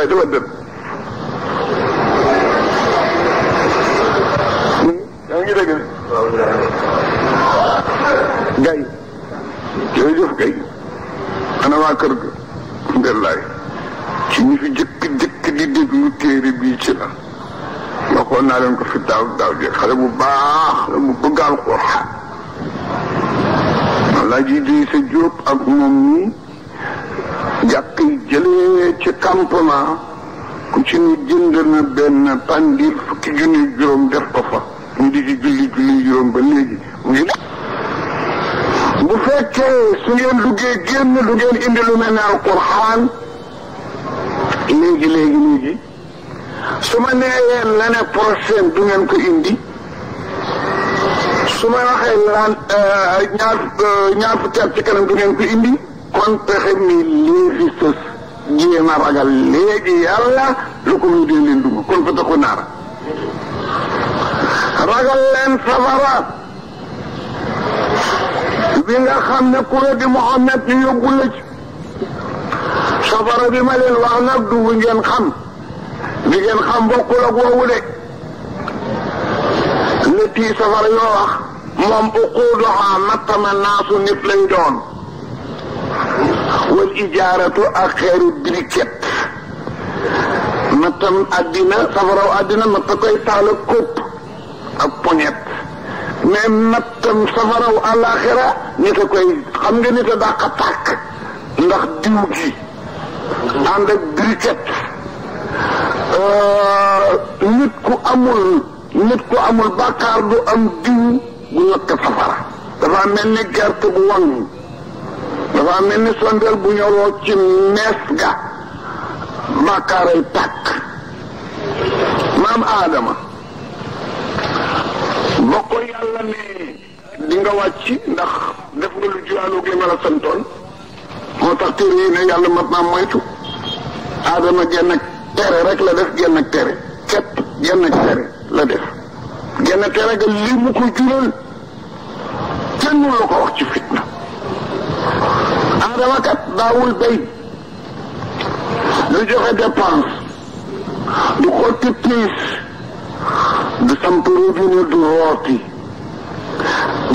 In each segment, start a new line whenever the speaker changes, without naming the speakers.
لا تودد yaa ngi dégg gay jërëjëf gay ana waa kër ga Ndélaay ci ñi fi jëkk jëkk di déglu téere bii ci la waxoon naa leen ko fi daaw daaw jeex xale bu baax la mu bëgg alxuraan laa ji di sa jóob ak moom nii jàkk yi jëlee ci campement ku ci ne jënd na benn pandil fukki junni juróom def ko fa ñu di ci julli juróom ba léegi bu fekkee su ngeen duggee génn du ngeen indi lu mel ne alquran léegi léegi léegi su ma nee leen prochaine du ngeen ko indi su ma waxee laan euh, ñaar euh, ñaar fukki at ci kanam du ngeen ko indi kon pexe mi lii fi sës jéem a ragal léegi yàlla lu ko muy dee leen dugg kon fa taxu naara ragal leen safara bi nga xam ne kuré di Muhammad ñu yóbbu la ci safara bi ma leen wax nag dugg ngeen xam bi ngeen xam bokkul ak woowu de lëtti safara yoo wax moom uquuduhaa mattama naasu nit lay doon wal ijaaratu ak xeeru briquet nattam àddina safaraw àddina natt koy taala kópp ak poñet mais nattam safaraw àllaaxira nit a koy xam nga nit a dàq a ndax diw gi ànd ak briquet euh, nit ku amul nit ku amul bàkkaar du am diw bu ñàkk safara dafa mel ni gerte bu wàññi dafa mel ni sondeel bu ñoroo ci mees ga bàkkaaray tàkk maam aadama ba ko yàlla ne di nga wàcc ndax def nga lu juyaaloog li ma la santoon moo tax téere yi ne yàlla mat naa moytu aadama genn ak tere rek la def genn ak tere képp genn ak tere la def genn tere ga li mu ko jural kenn la ko wax ci fi هذا وقت daawul béy du joxe dépense du xotti piis du samp rubine du rooti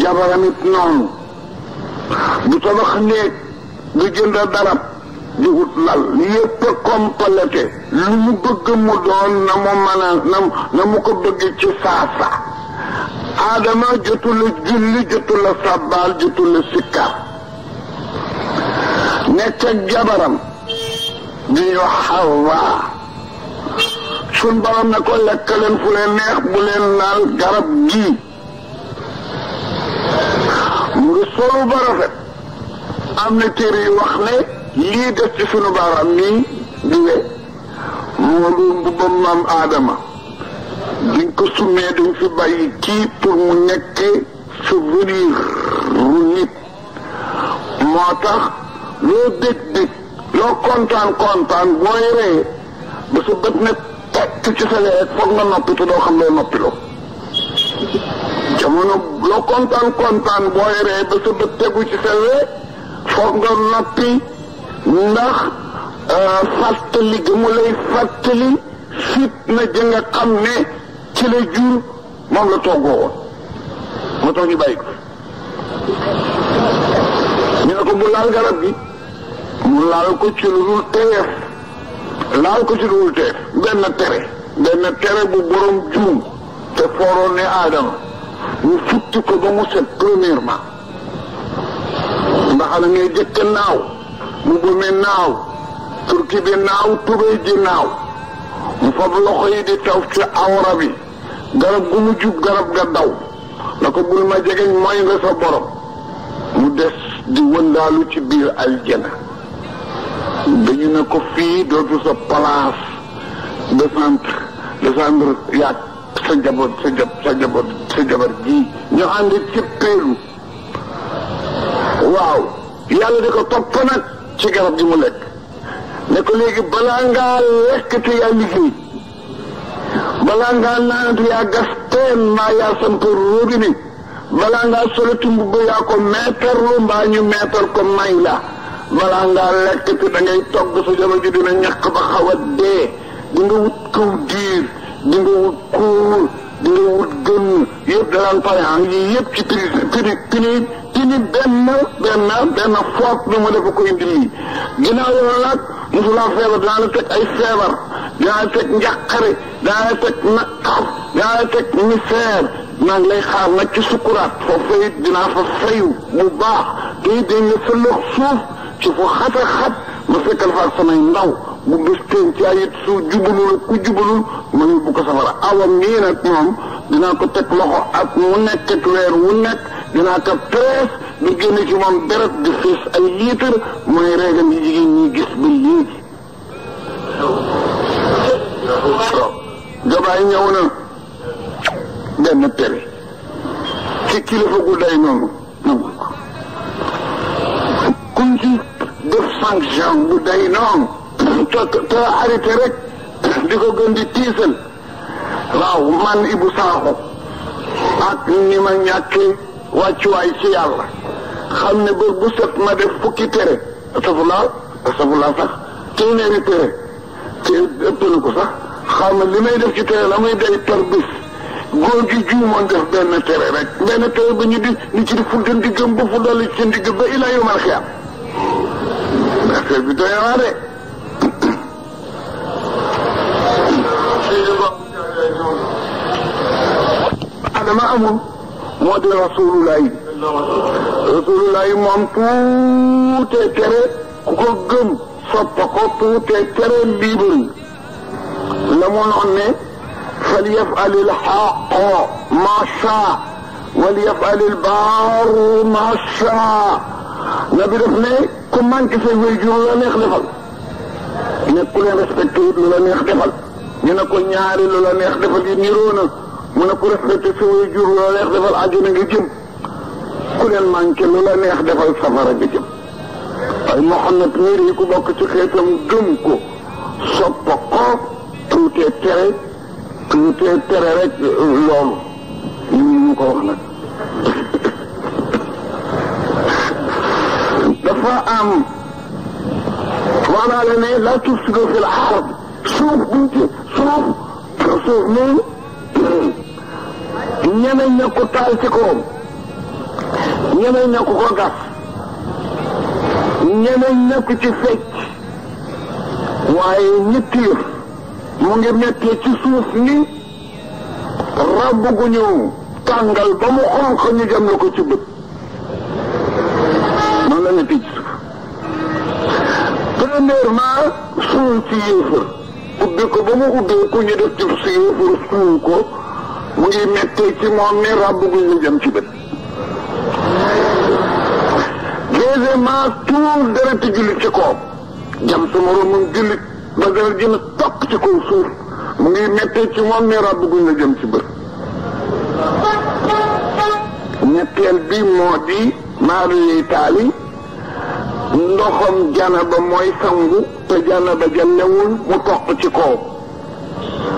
jabaramit noonu du tabax néeg du jënd darab di wut lal yépp a complété lu mu bëgg mu doon na mu mën a na na mu ko bëgg ci saasa aadama jotu la julli jotu la sàbbaal jotu la sikkar نتجبرم بيحرى sun borom ne ko lekk leen fu leen neex bu leen naan garab gii mu ngi solu ba rafet am na téere yu wax ne lii def ci sunu baaraam nii di we moo lu mbubbam maam aadama diñ ko summee dañ fi bàyyi kii pour mu nekk souvenir ru nit moo tax loo dég dég loo kontaan kontaan boo yoree ba sa bët ne tekk ci sa leeg foog nga noppi te doo xam loo noppiloo loo kontaan kontaan boo yoree ba sa bët tegu ci sa foog nga noppi ndax euh, fàttali gi lay fàttali fitna ji nga xam ne ci la jur moom la toggoo woon moo tax ñu bàyyi ko ñu ne ko bu laal garab gi mu laal ko ci lu dul laal ko ci lu dul teef benn tere benn tere bu borom juum te fooroon ne aadama ñu futti ko ba mu set premièrement ndax la ngay jëkk naaw mu bëme naaw turki bi naaw tubéy ji naaw mu fab loxo yi di taw ci awra bi garab gu mu jub garab ga daw na ko bul ma jegeñ mooy nga sa borom mu des di wëndaalu ci biir aljana dañu ne ko fii dootu sa place de centre de centre yaag sa njaboot sa jab sa njaboot sa jabar ji ñu ànd ci peelu waaw yàlla di ko topp nag ci garab gi mu lekk ne ko léegi balaa ngaa lekk te yaa liggéey balaa ngaa naanatu yaa gas teen mbaa yaa samp róogi ni balaa ngaa solati mbubb yaa ko meetarlu mbaa ñu meetar ko may la balaa ngaa lekk ci da ngay togg sa jabar ji dina ñàkk ba xaw a dee di nga wut këw diir wut kuul di wut gën yëpp danaan payan ah, yi yëpp ci tini tini tini tini benn benn benn foog bi mu ko indi lii ginnaaw yoon nag musulaa feebar dinaa la ay feebar dinaa la teg njàqare dinaa la teg naqar dinaa la teg lay xaar nag sukuraat foofu it dinaa fa fayu bu baax te it dañ la suuf ci fu xat a xat ma fekkal fa ak samay ndaw bu bés penc ay su jubalul ku jubalul ma yóbbu ko safara awam nii nag moom dinaa ko teg loxo ak mu nekk ak weer wu nekk dinaa ko presse di génne ci moom deret di fees ay litre mooy reegam yi jigéen ñi gis ba léegi waaw gabaay ñëw na benn tere ci kilifa gu noonu ko kuñ ci def sanction bu day noonu te te arrêté rek di ko gën di tiisal waaw man Ibou Sakho ak ni ma ñàkkee wàccuwaay ci yàlla xam ne ba bu set ma def fukki tere safulaa safulaa sax téeméeri tere ci ëpp na ko sax xam ne li may def ci tere la muy day par bis góor gi juumoon def benn tere rek benn tere ba ñu di ñu ci di fuddan di gëm ba fu dolli ci ndigg ba ilaa yomal am affaire bi doy naa de. adama amul. moo di tere ku ko gëm soppa ko tuutee tere libre la mu noon ne fal yafal il xaqo ma saa wal yafal il baaru كم من كفي ويجو لا نخدفل نكون رسبتو لا نخدفل نكون نياري لا نخدفل ينيرونا ونكون رسبتو ويجو لا نخدفل عجونا جيم كلن من كم لا نخدفل سفر جيم أي محمد ميري كوبا كتخيتم جمكو سبقا توتي تري توتي تري رك لوم يمكو خلاص dafa am maanaam la ne la tufsidu fil ard suuf buñ ci suuf suuf nii ñemeñ na ko taal ci kawam ñemeñ na ko ko gas ñemeñ na ci fecc waaye ñetti yëf mu ngi mettee ci suuf ni rabb gu ñëw tàngal ba jam na ko ci bët ci yéefar ubbi ko ba mu ubbee ku ñu def ci si yéefar suul ko mu ngi mettee ci moom ne ràbb gu jëm ci bët deuxièmement tuur dereti jullit ci koom mu ngi mettee jëm ci bët ñetteel bi moo di maa taali ndoxam janaba mooy sangu te janaba ja newul mu toq ci kawam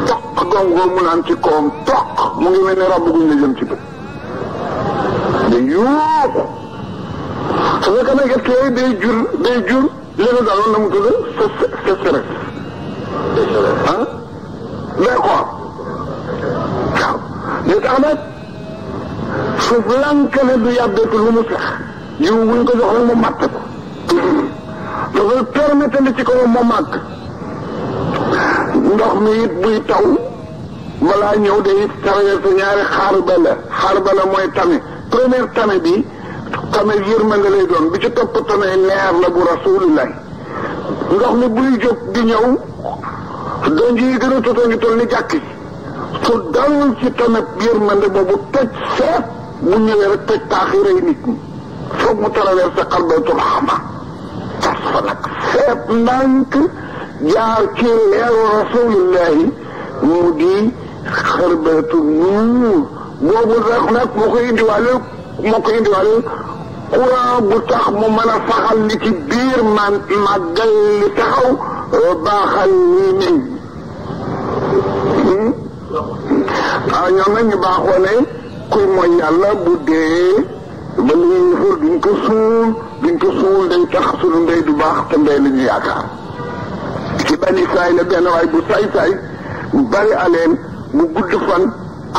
toq gongoo mu naan ci kawam toq mu ngi mel ne ràbb guñ la jëm ci bët da yuuxu su fekkee ne gerte yooyu day ko am waaw li ne du yàbbeetu lu mu sax jiw buñ ko jox rek mu màtt ko dafay permettre li ci ko mu màgg ndox mi it buy taw balaa de day traversé ñaari xaar bala xaar bala mooy tame première tame bi tame yërmande lay doon bi ci topp tame neer la bu rasulullah ndox mi buy jóg di ñëw donj yi gën a totoo ngi toll ni jàkk yi su dal ci tame yërmande boobu toj seet bu ñëwee rek toj taax yi rey nit ñi foog mu traversé xarbatul xama fa nag seet ndànk jaar ci leeru rasulillahi mu di xarbatu nuur boobu nag nag moo koy indiwaaleel moo koy indiwaaleel courant bu tax mu mën a li ci biir man màggal li taxaw baaxal lii nii hmm? ah ñoom nag ñu baaxoo ne kuy mooy yàlla bu dee ba li ñuy suul duñ ko suul duñ ko suul day tax suñu mbéy du baax te mbéy la ñu yaakaar ci benn saay la benn waay bu saay-saay bu bari aleen bu gudd fan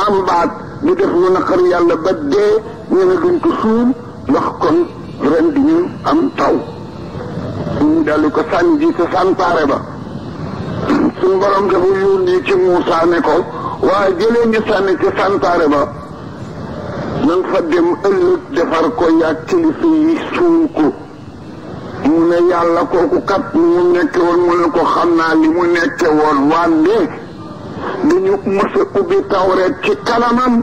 am baat ñu def lu naqar yàlla ba dee ñu ne duñ ko suul ndax kon ren di ñu am taw ñu daldi ko sànni ji sa sanpaare ba suñu borom dafa yónni ci Muusaa ne ko waaye jëlee ñu sànni ci sanpaare ba nan fa dem ëllëg defar ko yàgg kilifa yi suul ko mu ne yàlla kooku kat mu nekke woon mu ne ko xam naa li mu nekke woon wande dañu mës a ubbi tawreet ci kanamam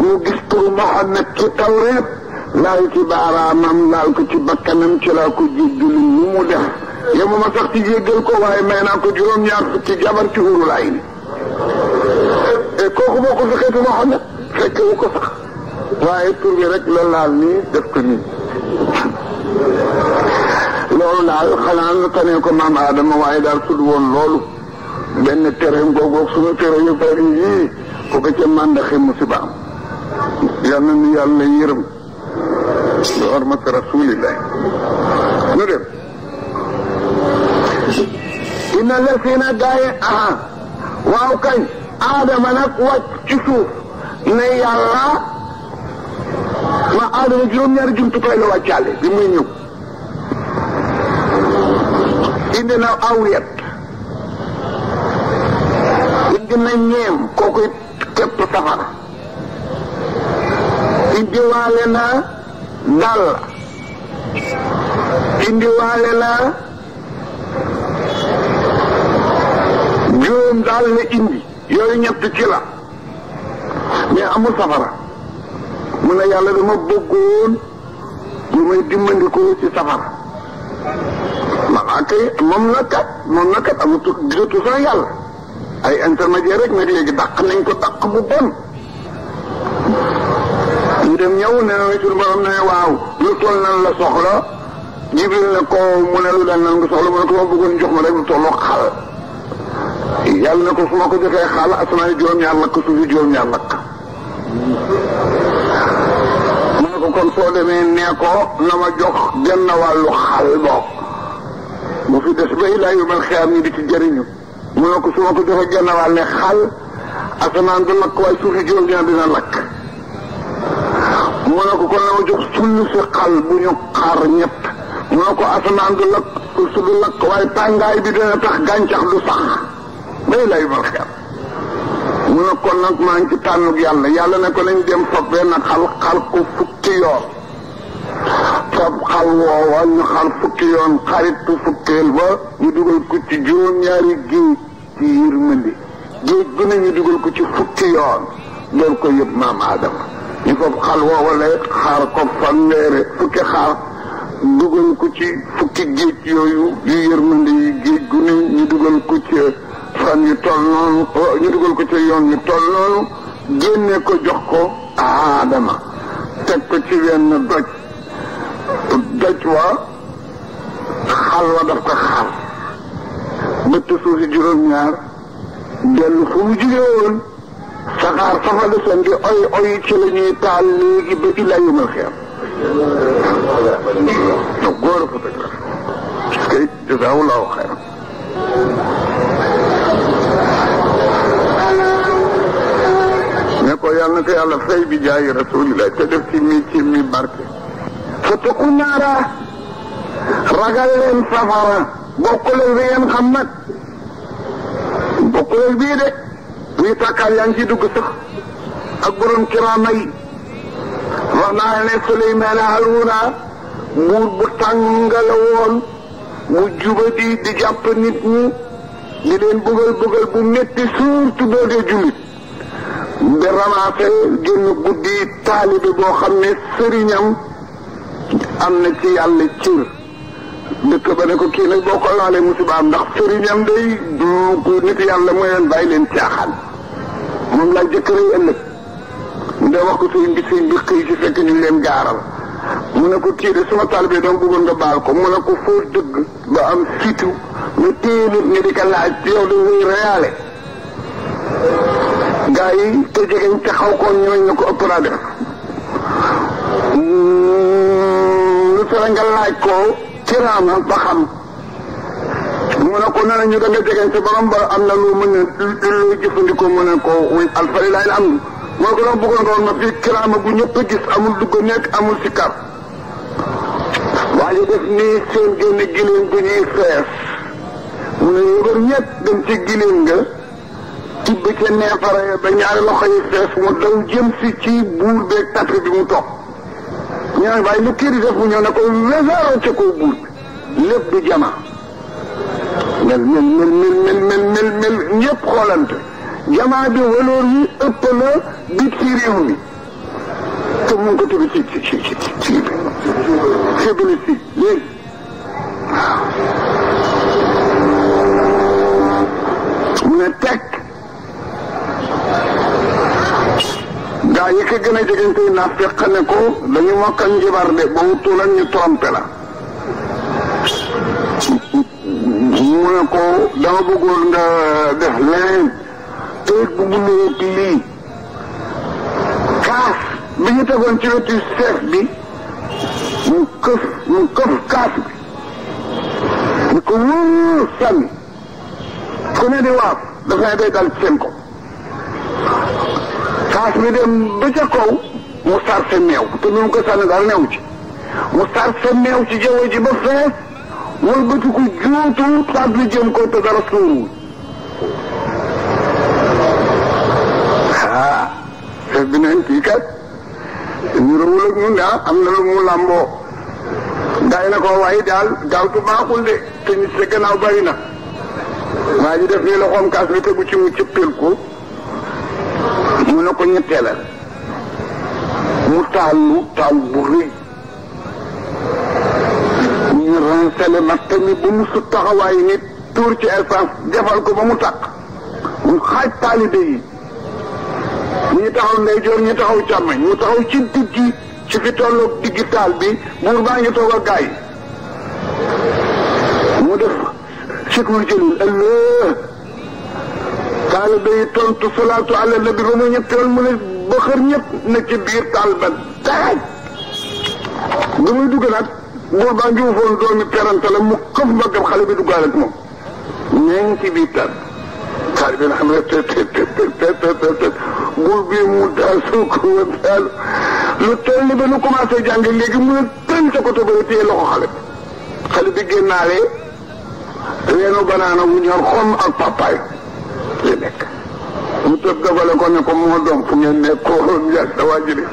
mu gis turu Muhammad ci tawreet laal ci baaraamam laal ko ci bakkanam ci laa ko jéggalu mu mu def yemu ma sax ci jéggal ko waaye may naa ko juróom-ñaar fukki jabar ci hurulaay ni eh, eh, kooku boo ko fekkeetu Muhammad fekkewu ko sax waaye tur bi rek la laal nii def ko nii loolu daal xanaa nga tane ko maam Adama waaye daal tudd woon loolu benn tere googu suñu tere yu bari yii ku ko ca màndaxe musiba am yal na nu yàlla yërëm bi hormati rasulillah nu dem inna la sina gaaye aha waaw kañ Adama nag wàcc ci suuf ne yàlla Ada juróom-ñaari jumtukaay la wàccaale bi muy ñëw indi na aw yet indi na ñeem kooku képp safara indiwaale na dàll indiwaale na juróom dal la indi yoy ñett ci la mais amul safara mu ne yàlla dama bëggoon bu may dimbandikoo ci safar ma tey ah, moom na kat moom na kat amatu gisatu sax yàlla ay intermédiaire rek nag léegi dàq nañ ko dàq bu bon ñu dem ñëw ne na suñu borom ne waaw lu toll nan la soxla jibril ne ko mu ne lu daan nan la soxla mu ne ko ma bëggoon jox ma rek lu tolloo xal yàlla ko su ma ko joxee xal asamaan juróom-ñaar lakk suufi juróom-ñaar lakk kon soo demee nee ko na ma jox genn xal boog bu fi des ba ilaa yomal xiyaam ñu di ci jëriñu mu ne ko su ma ko joxee genn wàlle xal asamaan du lakk waaye suufi juróom-ñaar dina lakk mu ne ko kon na ma jox sullu si xal bu ñu xar ñett mu ne ko asamaan du lakk su du lakk waaye tàngaay bi dina tax gàncax du sax ba ilaa yomal xiyaam mu ne kon nag maa ngi ci tànnug yàlla yàlla na ko lañu dem fab benn xal xal ko fukki yoon fab xal woowa ñu xal fukki yoon xaritu fukkeel ba ñu dugal ko ci juróom-ñaari dugal ko ci fukki yoon loolu ko yëpp maam aadama ñu fab xal woowa xaar ko fanweere fukki xaar dugal ko ci fukki géej yooyu yu yërmandi yi géej gu ñu dugal ko ci fan yu toll noonu ñu dugal ko jox ko aadama teg ko ci wenn doj doj wa xal wa daf ko xal bëtt suufi juróom-ñaar dellu fu mu jugee woon saxaar safa la seen oy oy ci la ñuy taal léegi ba ila yumal xeer do góor a ko dëgg parce que jazaawullahu xayran ko yàlla na ko yàlla fay bi jaayi rasulillah te def ci mi ci mi barke fataku naara ragal leen safara bokkul ak bi ngeen xam nag bokkul ak bii de bii tàkkaar yaa ngi ci dugg sax ak borom kiraama yi wax Suleymaan Haaruna buur bu tàngala mu jubadi di jàpp nit ñi di leen bëggal bëggal bu métti surtout doo dee jullit di ramassé génn guddi taalibe boo xam ne sëriñam am na ci yàlla cir dëkk ba ne ko kii nag boo ko laalee musibaam ndax sëriñam day du ko nit yàlla mooy leen bàyyi leen caaxaan moom laa jëkkëray ëllëg nda wax ko sëriñ bi sëriñ bi xëy ci fekk ñu leen gaaral mu ne ko kii de suma taalibe dama bëggoon nga baal ko mu ne ko foo dëgg ba am fitu nga téye nit nga di ko laaj yow da ngay reyaale gaa yi te jegeñ te xaw ko ñooñ ñu ko ëpp mm, lu tere nga laaj ko ci raama ba xam mu ne ko nee nañu da nga jegeñ sa borom ba am na lu mën a lu jëfandikoo mu ne ko wuy alhamdulilah la am mooy ko doon bëggoon nga woon ma fii kiraama bu ñëpp a gis amul dugg nekk amul sikkar waa ji def nii seen génn giléem bu ñuy fees mu ne yëgoon ñëpp dem ci giléem nga ci bëccëg neefare ba ñaari loxo yi fees mu daw jëm si ci buur beeg tàtt bi mu toog ñu ne waaye lu kii di def mu ñëw ne ko wesaaroo ca kaw buur bi lépp di jama mel mel mel mel mel mel mel ñëpp xoolante jamaa bi waloor yi ëpp na bit ci réew mi te mu ngi ko tëbi ci ci ci ci ci bi fébli si léegi waaw mu ne teg gaa yi gën a jegante yi naa fekk ne ko dañu mokkal njibar de ba wutu lan ñu trompé la mu ne ko dama bëggoon nga def leneen te bu bu lii kaas bi ñu tegoon ci wetu chef bi mu këf mu këf kaas bi ñu ko wóor sànni ku ne di waaf daf nay day dal ko kaas bi dem ba ca kaw mu sarse meew te lu mu ko sànni dara neew ci mu sarse meew ci jaww ji ba fees wal ba ci juutu taat bi ko te dara sóoruwul ah chef bi kii kat niroowul ak ñun daal am na lu mu làmboo daay na ko waaye daal gaaw tu baaxul de te nit sa gannaaw bari na waa ji def nii loxoom kaas bi tegu ci mu cëppil ko mu ne ko ñetteelal mu taalu taal bu rëy ñu ransale ma tamit bu mu taxawaay nit tuur ci essence defal ko ba mu tàkk mu xaaj taalibe yi ñi taxaw ndeyjoor ñi taxaw càmmoñ ñu taxaw ci diggi ci fi tolloog diggi taal bi buur baa ngi toog ak mu def sikul jëlil allah Kaala day tontu salaatu ala nabi ba mu ñetti yoon mu ne ba xër na ci biir taal ba taaj ba muy dugg mu këf ci biir taal. taal bi nga xam ne te te te te te góor bi mu daal soo ko woon daal lu toll ni ba nu commencé jàng mu ne tënk sa côté ba la téye loxo xale bi. xale bi génnaale reenu wu ñor xom ak papaay. lépp li nekk mu tëb dogale ko ne ko moo doom fu ngeen nekk ko woon yàlla sa waa ji de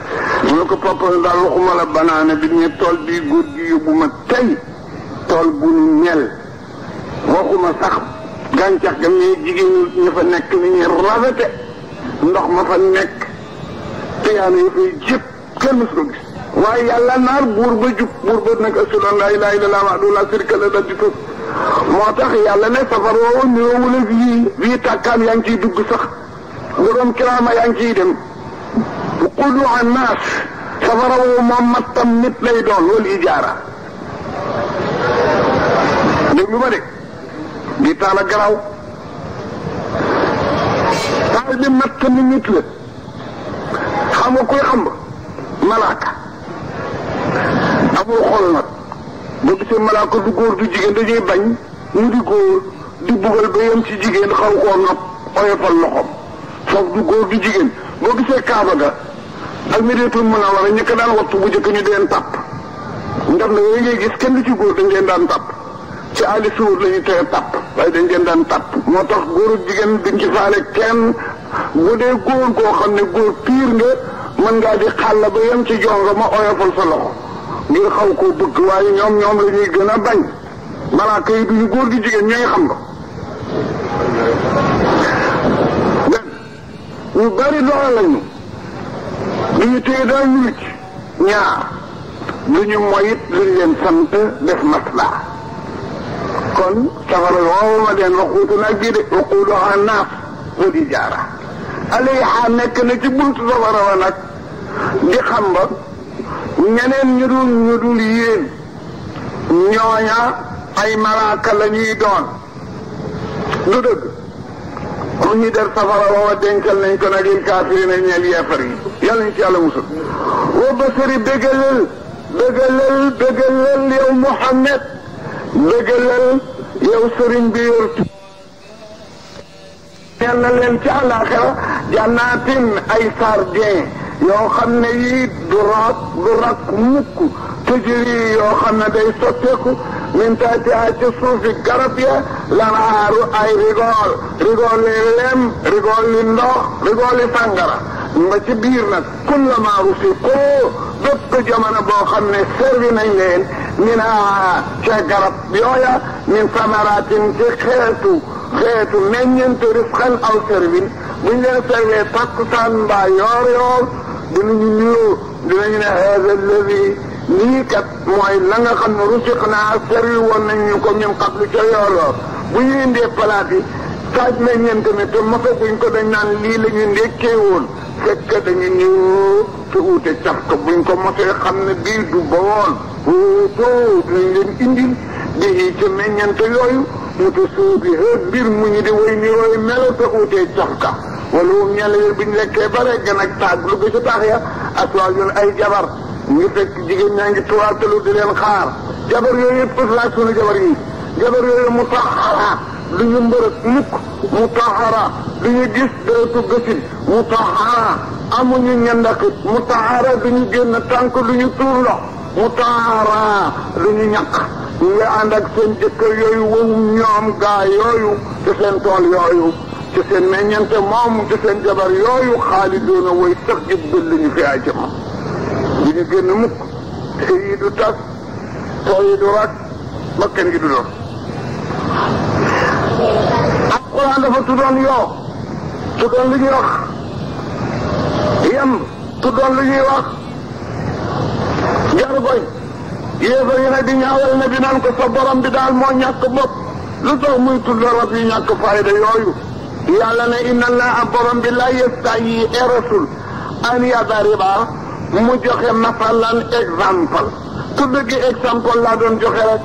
ko papa daal waxuma la banaana bi ne tool bii góor gi yóbbu ma tey tool bu nu mel waxuma sax gàncax ga mais jigéen ñi fa nekk ni ñuy rafete ndox ma fa nekk teyaana yi fay jëpp kenn su ko gis waaye yàlla naar buur ba jub buur ba nag asula laa ilaaha illallaah wahdahu laa sharika lahu di moo tax yàlla ne safar woowu nuyoo la bii bii tàkkaan yaa ngi ciy dugg sax borom kiraama yaa ngi ciy dem qulu an naas safara woowu moom mattam nit lay doon wal ijaara déglu ma de bii taala garaaw taal bi matt ni nit la xam nga kuy xam malaaka amul xol nag boo gisee malaaka du góor du jigéen dañuy bañ ñu di góor di bugal ba yem ci jigéen xaw koo nopp oyofal loxoom foofu du góor du jigéen boo gisee kaaba ga ak médiatul mën a war a ñëkk daan wattu bu njëkk ñu di leen tàpp ndax na yooyu ngay gis kenn du ci góor dañ leen daan tàpp ci la ñu teye waaye dañ leen daan tàpp moo tax góor ak jigéen duñ ci faale kenn bu dee góor xam ne góor piir nga mën ngaa di xàll ba yem ci jonga ma oyofal sa loxo ngir xaw koo bëgg waaye ñoom ñoom la ñuy gën a bañ malaaka yi duñu góor di jigéen ñooy xam ko ñu bari doole lañu duñu téye ñu ci ñaar moyit luñ leen def maslaa kon safara woowu ma leen waxuutu nag ji de waquuduhaa naas wal hijaara alayhaa nekk na ci buntu safara wa nag di xam ñeneen ñu dul ñu dul yéen ñooña ay malaaka la ñuy doon du dëgg ku ñu der safara woowa dencal nañ ko nag il kaafiri na ñeel yi yàlla ñu ci yàlla wa basari bégalal bégalal bégalal yow Muhammad bégalal yow sëriñ bi yor na leen ci àllaaxira jannaatin ay sardin yoo xam ne yii du raak du rakk mukk tëjëri yoo xam ne day sotteeku min taatihaa ci suufi garab ya lanaaru ay rigool rigool yi lem rigool yi ndox rigool yi sàngara ba ci biir nag kullama rusiqoo bépp jamono boo xam ne servi nañ leen min a ca garab yooya min samaratin ci xeetu xeetu meññent risqan aw servin buñ leen servee takkusaan mbaa yoor yoor dinañu ñëw dinañu ne haada alladi lii kat mooy la nga xam ne rusiq naa sori woon nañ ñu ko ñun xablu ca yooloo bu ñu indee palaat yi saaj nañ leen tamit te mosaguñ ko dañ naan lii la ñu ndekkee woon fekk dañu ñëw te uute caf ko buñ ko mosee xam ne biir du ba woon wóotoo nañ leen indil bii ca meññante yooyu mutu suu bi hëet mbir mu ñu di woy ni yooyu melo te uutee caf ka wala wum ñele biñ lekkee ba regg nag taag lu bi sa tax ya aswaajun ay jabar ñu fekk jigéen ñaa ngi tuwaatalu di leen xaar jabar yooyu yëpp laaj suñu jabar yi jabar yooyu mu taxara lu ñu mbërëg mukk mu taxara du ñu gis deretu gësin mu amu amuñu ñandakit mu taxara du ñu génn tànk lu ñu tuur ndox mu taxara du ñu ñàkk ñu ngi ànd ak seen jëkkër yooyu wow ñoom gaa yooyu ci seen tool yooyu ci seen meññante moom ci seen jabar yooyu xaalidoona way sax jëb dëll ñu fi ay jëm ñu gën mukk te yi du tas tool yi du rag bakkan gi du doon alquran dafa tuddoon yoo tuddoon li ñuy wax yem tuddoon li ñuy wax jargoñ yéefar yi nag di ñaawal na bi naan ko sa borom bi daal moo ñàkk bopp lu tax muy tudd rab yi ñàkk fayda yooyu yàlla ne inna allaha borom bi la yestayi ya rasul an yadariba mu joxe masalan exemple su dëgg exemple laa doon joxe rek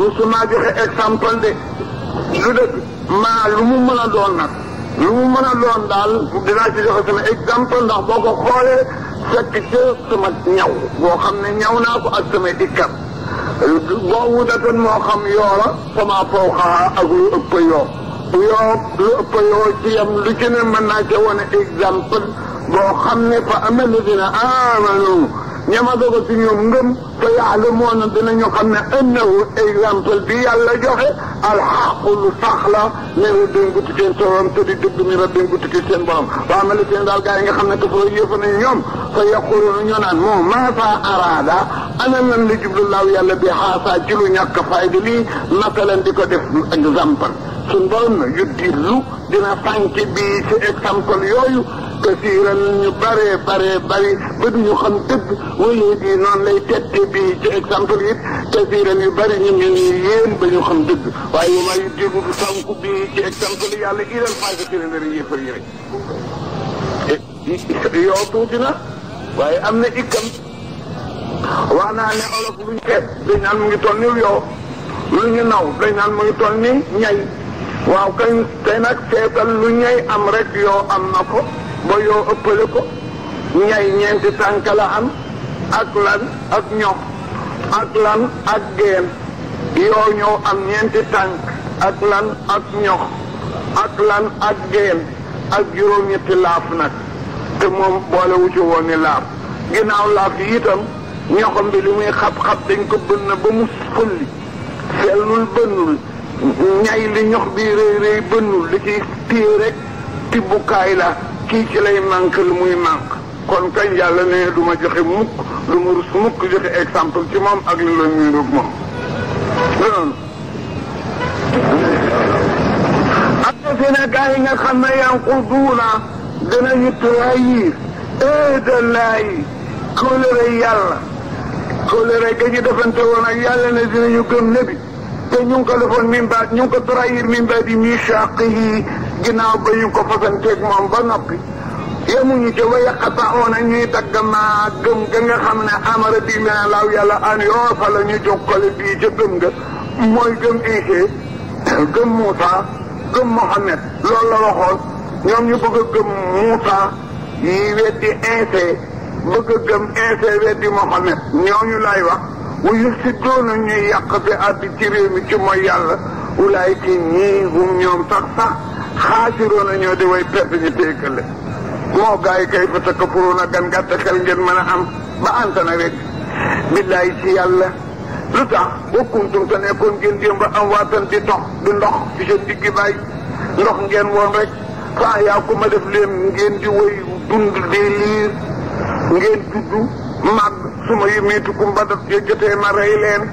rusuma joxe exemple de lu dëgg maa lu mu mën a doon nag lu mu mën a doon daal dinaa ci joxe sama exemple ndax boo ko xoolee fekk ca sama ñaw boo xam ne ñaw naa ko ak sama dikkat boo wutatoon moo xam yoola sama foo ak lu ëpp yoo lu ëpp yoo ci yam lu ci mën naa ca wane exemple boo xam ne fa ama alladina amanu ñama dogo ci ñoom ngëm fa yaalamoona dinañu xam ne annahu exemple bi yàlla joxe alxaqu lu sax la newu den gutti seen torom te di dëgg mi rabbi gutti seen borom wa ama alladina daal gaa yi nga xam ne kafaro yëfa nañ ñoom fa yaquluuna ñu naan moom maa fa araada ana lan la jublu laaw yàlla bi xaasaa ci lu ñàkk fayda lii naka leen di ko def exemple sun borom na yu dillu dina sànq bi ci exemple yooyu kasiiran ñu bare bare bari ba du ñu xam dëgg wala di noonu lay tette bi ci exemple it kasiiran yu bari ñu ngi nii yéen ba ñu xam dëgg waaye yow yu déglu du sànku bi ci exemple yàlla ilal faasiqiin dana yéefar yi rek. Eh, yow tuuti na waaye am na ikkam wax naa ne olof luñ xeet dañ naan mu ngi lu ñu naw dañ naan mu ngi toll ni ñay waaw kañ am rek yoo am na ko. ba yoo ëppale ko ñay ñeenti tànk la am ak lan ak ñoom ak lan ak géen yoo ñoo am ñeenti tànk ak lan ak ñox ak lan ak géen ak juróom-ñetti laaf nag te moom boole wu ci woon ni laaf ginnaaw laaf yi itam ñoxam bi li muy xab-xab dañ ko bënn ba mu fulli sellul bënnul ñay li ñox bi réy réy bënnul li ci téye rek tibbukaay la kii ci lay manque lu muy manque kon kañ yàlla ne du ma joxe mukk lu ma rus mukk joxe exemple ci moom ak li la ñuy nag moom loolu am na fi ne gaa yi nga xam ne yanquduuna ah, dinañu trahir eedalaayi eh, kóllëre yàlla kóllëre ga ñu defante woon ak yàlla ne dinañu gëm ne bi te ñu ngi ko defoon min baat yi mii sàq yi ginnaaw ba ñu ko fasanteeg moom ba noppi yemuñu ca wa a ñuy dagg maa gëm ga nga xam ne amara bi mene laaw yàlla an yoo fa la ñu jokkale bii ca gëm nga mooy gëm Iise gëm Moussa gëm Mohamed loolu la waxoon ñoom ñu bëgg a gëm Moussa yi weddi Iise bëgg a gëm Iise weddi Mohamed ñooñu lay wax wa yusidduuna ñuy yàq bi àddi ci réew mi ci mooy yàlla wulaay ki ñii hum ñoom sax sax xaasiroon a ñoo di way perte ñu téykale moo gaa yi kay fa takkafuroon a gan gàtt xel ngeen mën a am ba anta na billaay ci yàlla lu tax bokkuntum te nekkoon ngeen démb am waatan di tox di ndox fi seen diggi bàyyi ndox ngeen woon rek fa yaa ko ma def leen ngeen di woy dund di liir ngeen dudd màgg su ma yumiitukum ba daf jotee ma rey leen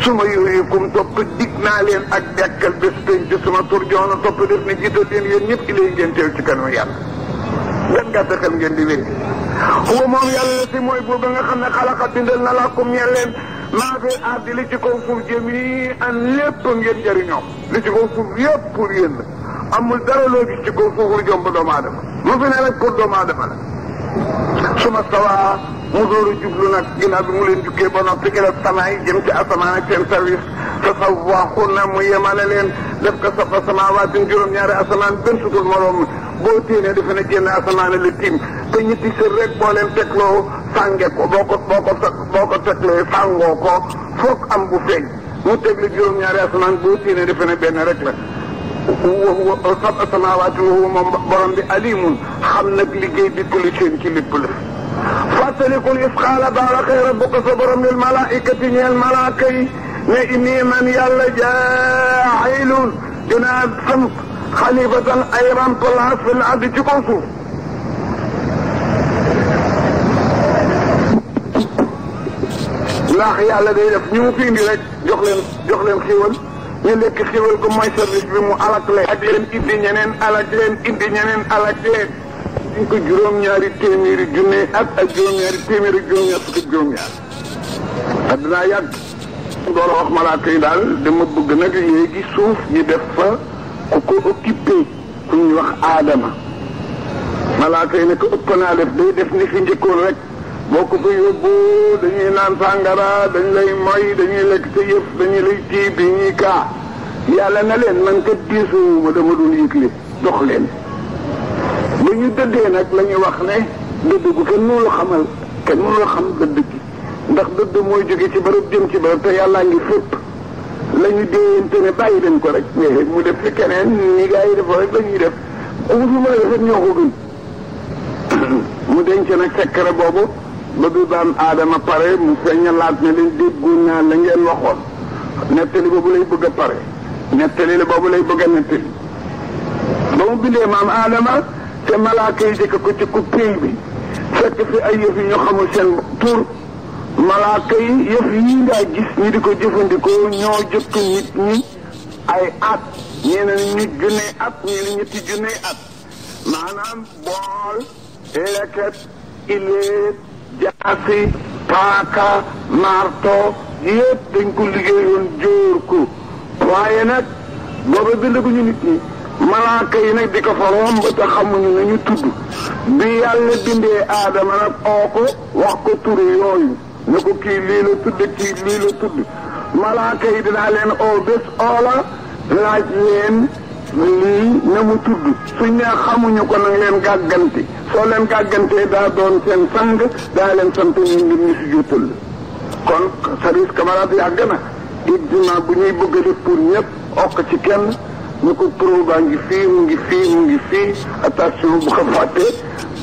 su ma yuhyikum topp dig naa leen ak dekkal bés pénc suma tur joona topp def ne jiital leen yéen ñëpp ilay ngeen teew ci kanamu yàlla ngeen gàtt xel ngeen di wér xuba moom yàlla si mooy boobu nga xam ne xalaqa bindal na la kum ñeel leen maa ngi àddi li ci kaw suuf jëmi an lépp ngeen jëriñoo li ci kaw suuf yëpp pour yéen la amul dara loo gis ci kaw suuf lu jomb doomu aadama lu fi ne rek pour doomu aadama mu door a jublu nag ginnaaw bi mu leen jukkee ba noppi ila samaay jëm ci asamaan ak seen service te saw waaxu na mu ne leen def ko saba samawaatin juróom-ñaari asamaan benn sudul moroom boo téenee defe ne génn asamaan la tiim te ñetti sër rek boo leen tegloo sànge ko boo ko boo ko boo ko teglee sàngoo ko foog am bu feeñ mu tegli juróom-ñaari asamaan boo téenee defe ne benn rek la saba samawaatin wa huwa moom borom bi alimun xam nag liggéey bi kulli تلكون إفخال دارك ربك صبر من الملائكة من الملائكة لإني من يلا جاحل جناب سمك خليفة أيران طلها في الأرض جكوفو لا خيا على ذي لف نيو في ميرج جخلن جخلن خيول يلك خيول كم ما يصير بيمو على كل أدين إدين ينن على جين إدين ينن على جين fukk ak juróom-ñaari téeméeri junne at ak juróom-ñaari téeméeri juróom-ñaar fukk ak juróom-ñaar addinaa yàgg door wax malaaka yi daal dama bëgg nag léegi suuf ñu def fa ku ko occupé ku ñuy wax aadama malaaka yi ne ko ëpp naa def day def ni fi njëkkoon rek boo ko fa yóbbu dañuy naan sàngara dañ lay moy dañuy lekk sa yëf dañuy lay tiib bi ñuy kaa yàlla na leen man kat diisuma dama doon yëgle dox leen bu ñu dëddee nag la ñuy wax ne dëdd gu kenn mënul xamal kenn mënul xam dëdd gi ndax dëdd mooy jóge ci bërëb jëm ci bërëb te yàllaa ngi fépp la ñu déeyante ne bàyyi leen ko rek mu def fi keneen ni gaa yi defoo rek la ñuy def amul fi mën a defet ñoo ko gën mu denc nag sekkare boobu ba bi baam aadama pare mu feeñalaat ne leen déggu naa la ngeen waxoon nettali boobu lañ bëgg a pare nettali la boobu lay bëgg a nettali ba mu bindee maam aadama te malaaka yi dëkk ko ci ku bi fekk fi ay yëf yi ñu xamul seen tur malaaka yi yëf yi nga gis ñu di ko jëfandikoo ñoo jëkk nit ñi ay at ñee ñu junne at ñee ne ñetti junne at maanaam bool leket iléet jaasi paaka marto yëpp dañ ko liggéeyoon jóor ko waaye nag booba bindaguñu nit ñi malaaka yi nag di ko fa romb te xamuñu nañu tudd bi yàlla bindee aadama nag oo ko wax ko turu yooyu ne ko kii lii la tudd kii lii la tudd malaaka yi dinaa leen oo bés oola laaj leen lii na mu tudd suñ ne xamuñu ko nag leen gàgganti soo leen gàggantee daa doon seen sang daa leen sant ñu ngir ñu si juutal kon service camarade yàgg na ijjima bu ñuy bëgg a def pour ñëpp okk ci kenn ñu ko pro baa ngi fii mu ngi fii mu ngi fii attention bu ko fàtte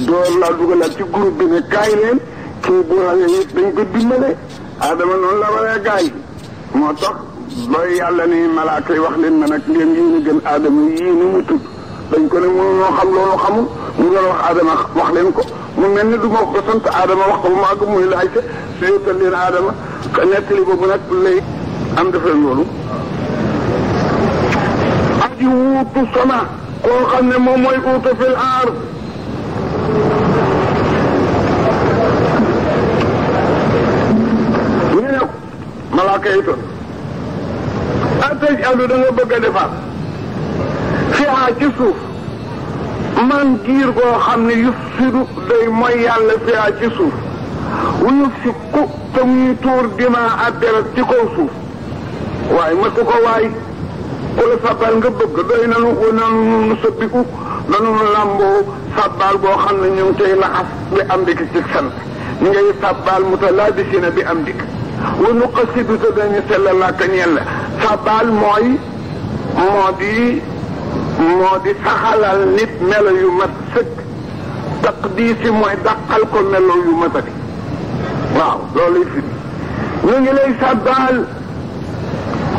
door laa bi ne kaay leen kii bu rawee yëpp dañ ko dimbale adama noonu la waree gaay moo tax booy yàlla ni malaaka yi leen ma nag ngeen yéen a gën aadama yii ni mu tudd dañ ko ne mënu noo xam loolu xamul mu doon wax aadama wax leen ko mu mel ni du ma ko sant aadama wax ko bu màgg muy laajte su yëttal leen aadama nettali boobu nag lay am defal loolu جهود الصنع وقد ما يقوط في الارض ملاكيتون اتج ادو دا نغا في عاجسوف من دير كو خامني يفسد داي ما يالا في عاجسوف ويفسد تمي تور دماء ابرت كوسوف واي ما كوكو واي ku la sabbal nga bëgg doy nanu wa nanu nu sëbbiku nanu nu làmboo sabbal boo xam ne ñu ngi cay bi am dikk ci sant ñu ngay sabbal mutalaabisina bi am dikk wa nu qasidu te dañu sellal ak ñeel la sabbal mooy moo di moo di saxalal nit melo yu mat taq taqdiisi mooy dàqal ko melo yu matati waaw ñu ngi sabbal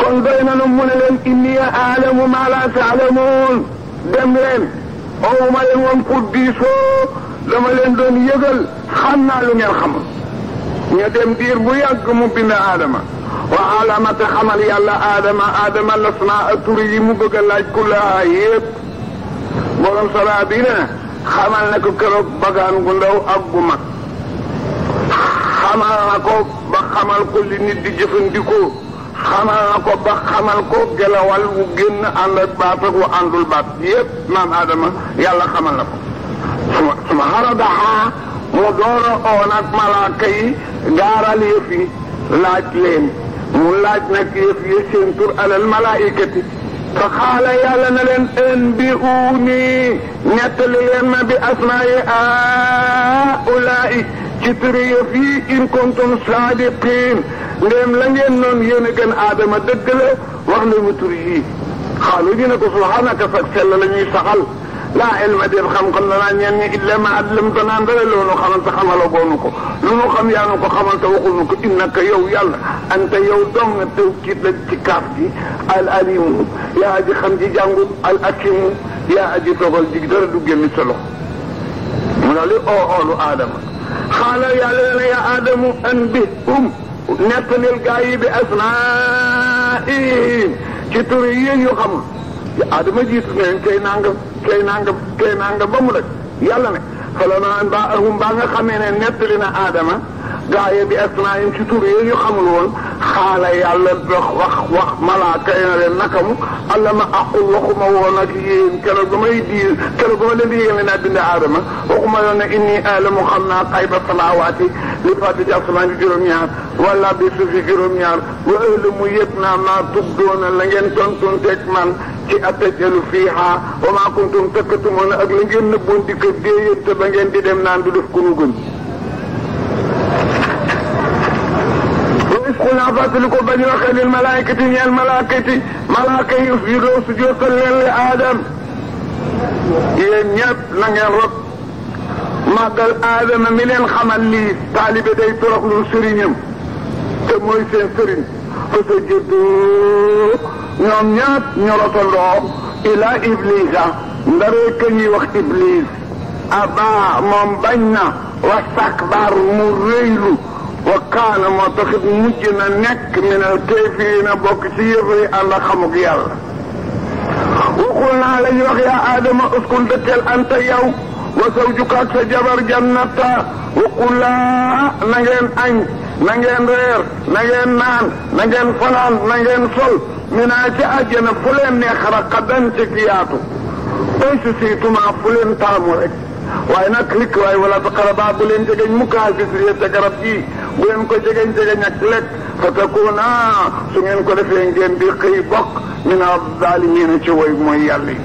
كن بين نمون لهم إني أعلم ما لا تعلمون دم لهم أو ما لهم قديسو لما لهم دون يقل خنا لهم يرخمون يدم دير بيك مبين آدم وعلى تخمل يا الله آدم آدم لصنع تريد مبقى الله كلها هيب ولم صلاة دينا خمل لك كرب بغان قلو أبوما خمل لك بخمل كل ندي جفن ديكو xamal na ko ba xamal ko gelawal wu génn ànd ak baat ak wu àndul baat yépp maam aadama yàlla xamal na ko suma suma xaradaxaa mu door a oo nag malaaka yi gaaral yëf yi laaj leen mu laaj nag yëf yi seen tur alal malaaikati fa xaala yàlla na leen anbi'uuni nettali leen ma bi asmaa'i aulaa'i ci turu yëf yi in kuntum saadiqin ndéem la ngeen noon yéen a gën aadama dëgg la wax nañu tur yii xaalu ñu ne ko subhanaka sag sell la ñuy saxal laa ilma déet xam-xam danaa ñeen ñi illa ma allamtanaa ndara loonu xamal te xamala goonu ko lu nu xam yaa nu ko xamal te waxunu ko innaka yow yàlla anta yow dong nga tawkiit la ci kaaf gi al alimu yaa aji xam ji jàngut al akimu yaa aji dogal ji dara du génn sa loxo mu ne li oo oolu aadama xaala yàlla ne ya aadamu an bi um nettalil gaa yi bi asmaa'ihim ci tur yi ñu xamul aadama jiitu ne leen kay ba mu nag yàlla ne falammaa anba'ahum ba nga xamee ne nettali na aadama gaaye bi asnaayam ci tour yi ñu xamul woon xaala yàlla dox wax wax malaaka yi na leen naka mu alla ma aqul waxuma woon ak yéen keroog bu may diir keroog bu ma leen di yéen naa bind aadama waxuma yoon ne inni aalamu xam naa xayba samawaati li fàtte ci asamaan bi juróom-ñaar wala bi suufi juróom-ñaar wa ëllëmu yëg naa maa tubdoona la ngeen tontonteeg man ci attajalu fiha wa maa kuntum takkatumoon ak la ngeen nëbboon di ko déeyante ba ngeen di dem naan du def ku nu gën كنا فاتلك بني وخل الملائكة يا الملائكة ملائكة في روس جوكل للآدم ينيب لنجل رب ما قال آدم ملين خمال لي طالب دي طرق لو سرينيم تموي سين سرين فسجدوك نعم نعم نعم نعم إلى إبليس دريكني وقت إبليس أبا من بنا واستكبر مريلو وكان متخذ مجنا نك من الكيفين بكثير على خمق يال وقلنا لي يا آدم اسكن دكال أنت يو وزوجك سجبر جنة وقلنا نجين أن نجين رير نجين نان نجين فلان نجين صل من أجي أجن فلين نخرى قدن تكياتو ايش سيتو مع فلين تامورك وانا كليك واي ولا تقربا فلين تكين مكاسس ليتك ربكي bu leen ko jegeñ jegeñ ak lekk fa takuuna su ngeen ko defee ngeen di xëy bokk min az-zaalimiina ci woy mooy yàlla yi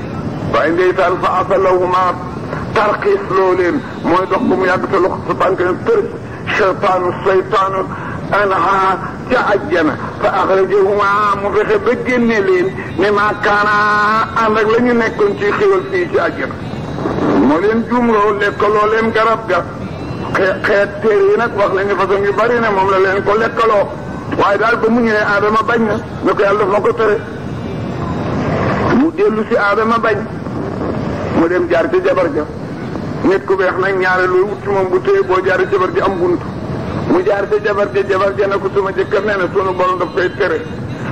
waaye ndeysaan fa asalahuma tarxiis loo leen mooy dox bu mu yàgg te loxo sa tànk ne tër cheytaanu seytaanu anha ca ajjana fa axrajahuma mu fexe ba génne leen ne maa kaana ànd ak la ñu nekkoon ci xéwal fii ci ajjana moo leen juumloo lekkaloo garab ga xeet xeet téere yi nag wax nañu façon yu bari na moom la leen ko lekkaloo waaye daal ba mu ñëwee aadama bañ na ne ko yàlla daf ma ko tere mu dellu si aadama bañ mu dem jaar ci jabar ja nit ku beex nag ñaare looy wut ci moom bu téye boo jaar jabar ji am bunt mu jaar ca jabar ja jabar ja ne ko suma jëkkër nee na sunu daf koy tere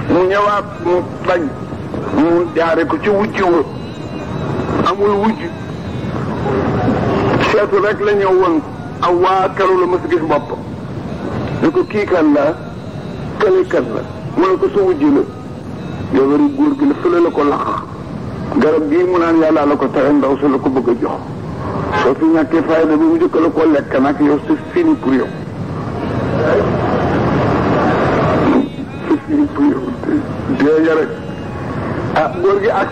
mu ñëwaat mu bañ mu jaare ko ci wujj wa amul wujj seetu rek la ñëw woon awaa keroog la mos gis boppam ni ko kii kan la kële kan la mu ne ko sa wujj la góor gi la fële la lax garab gii mu naan yàlla la ko tere ndaw si la ko bëgg a jox soo fi ñàkkee fayda bi mu njëkk la ko lekk nag yow c'est fini pour yow c'est fini pour yow dee nga rek ah góor gi ak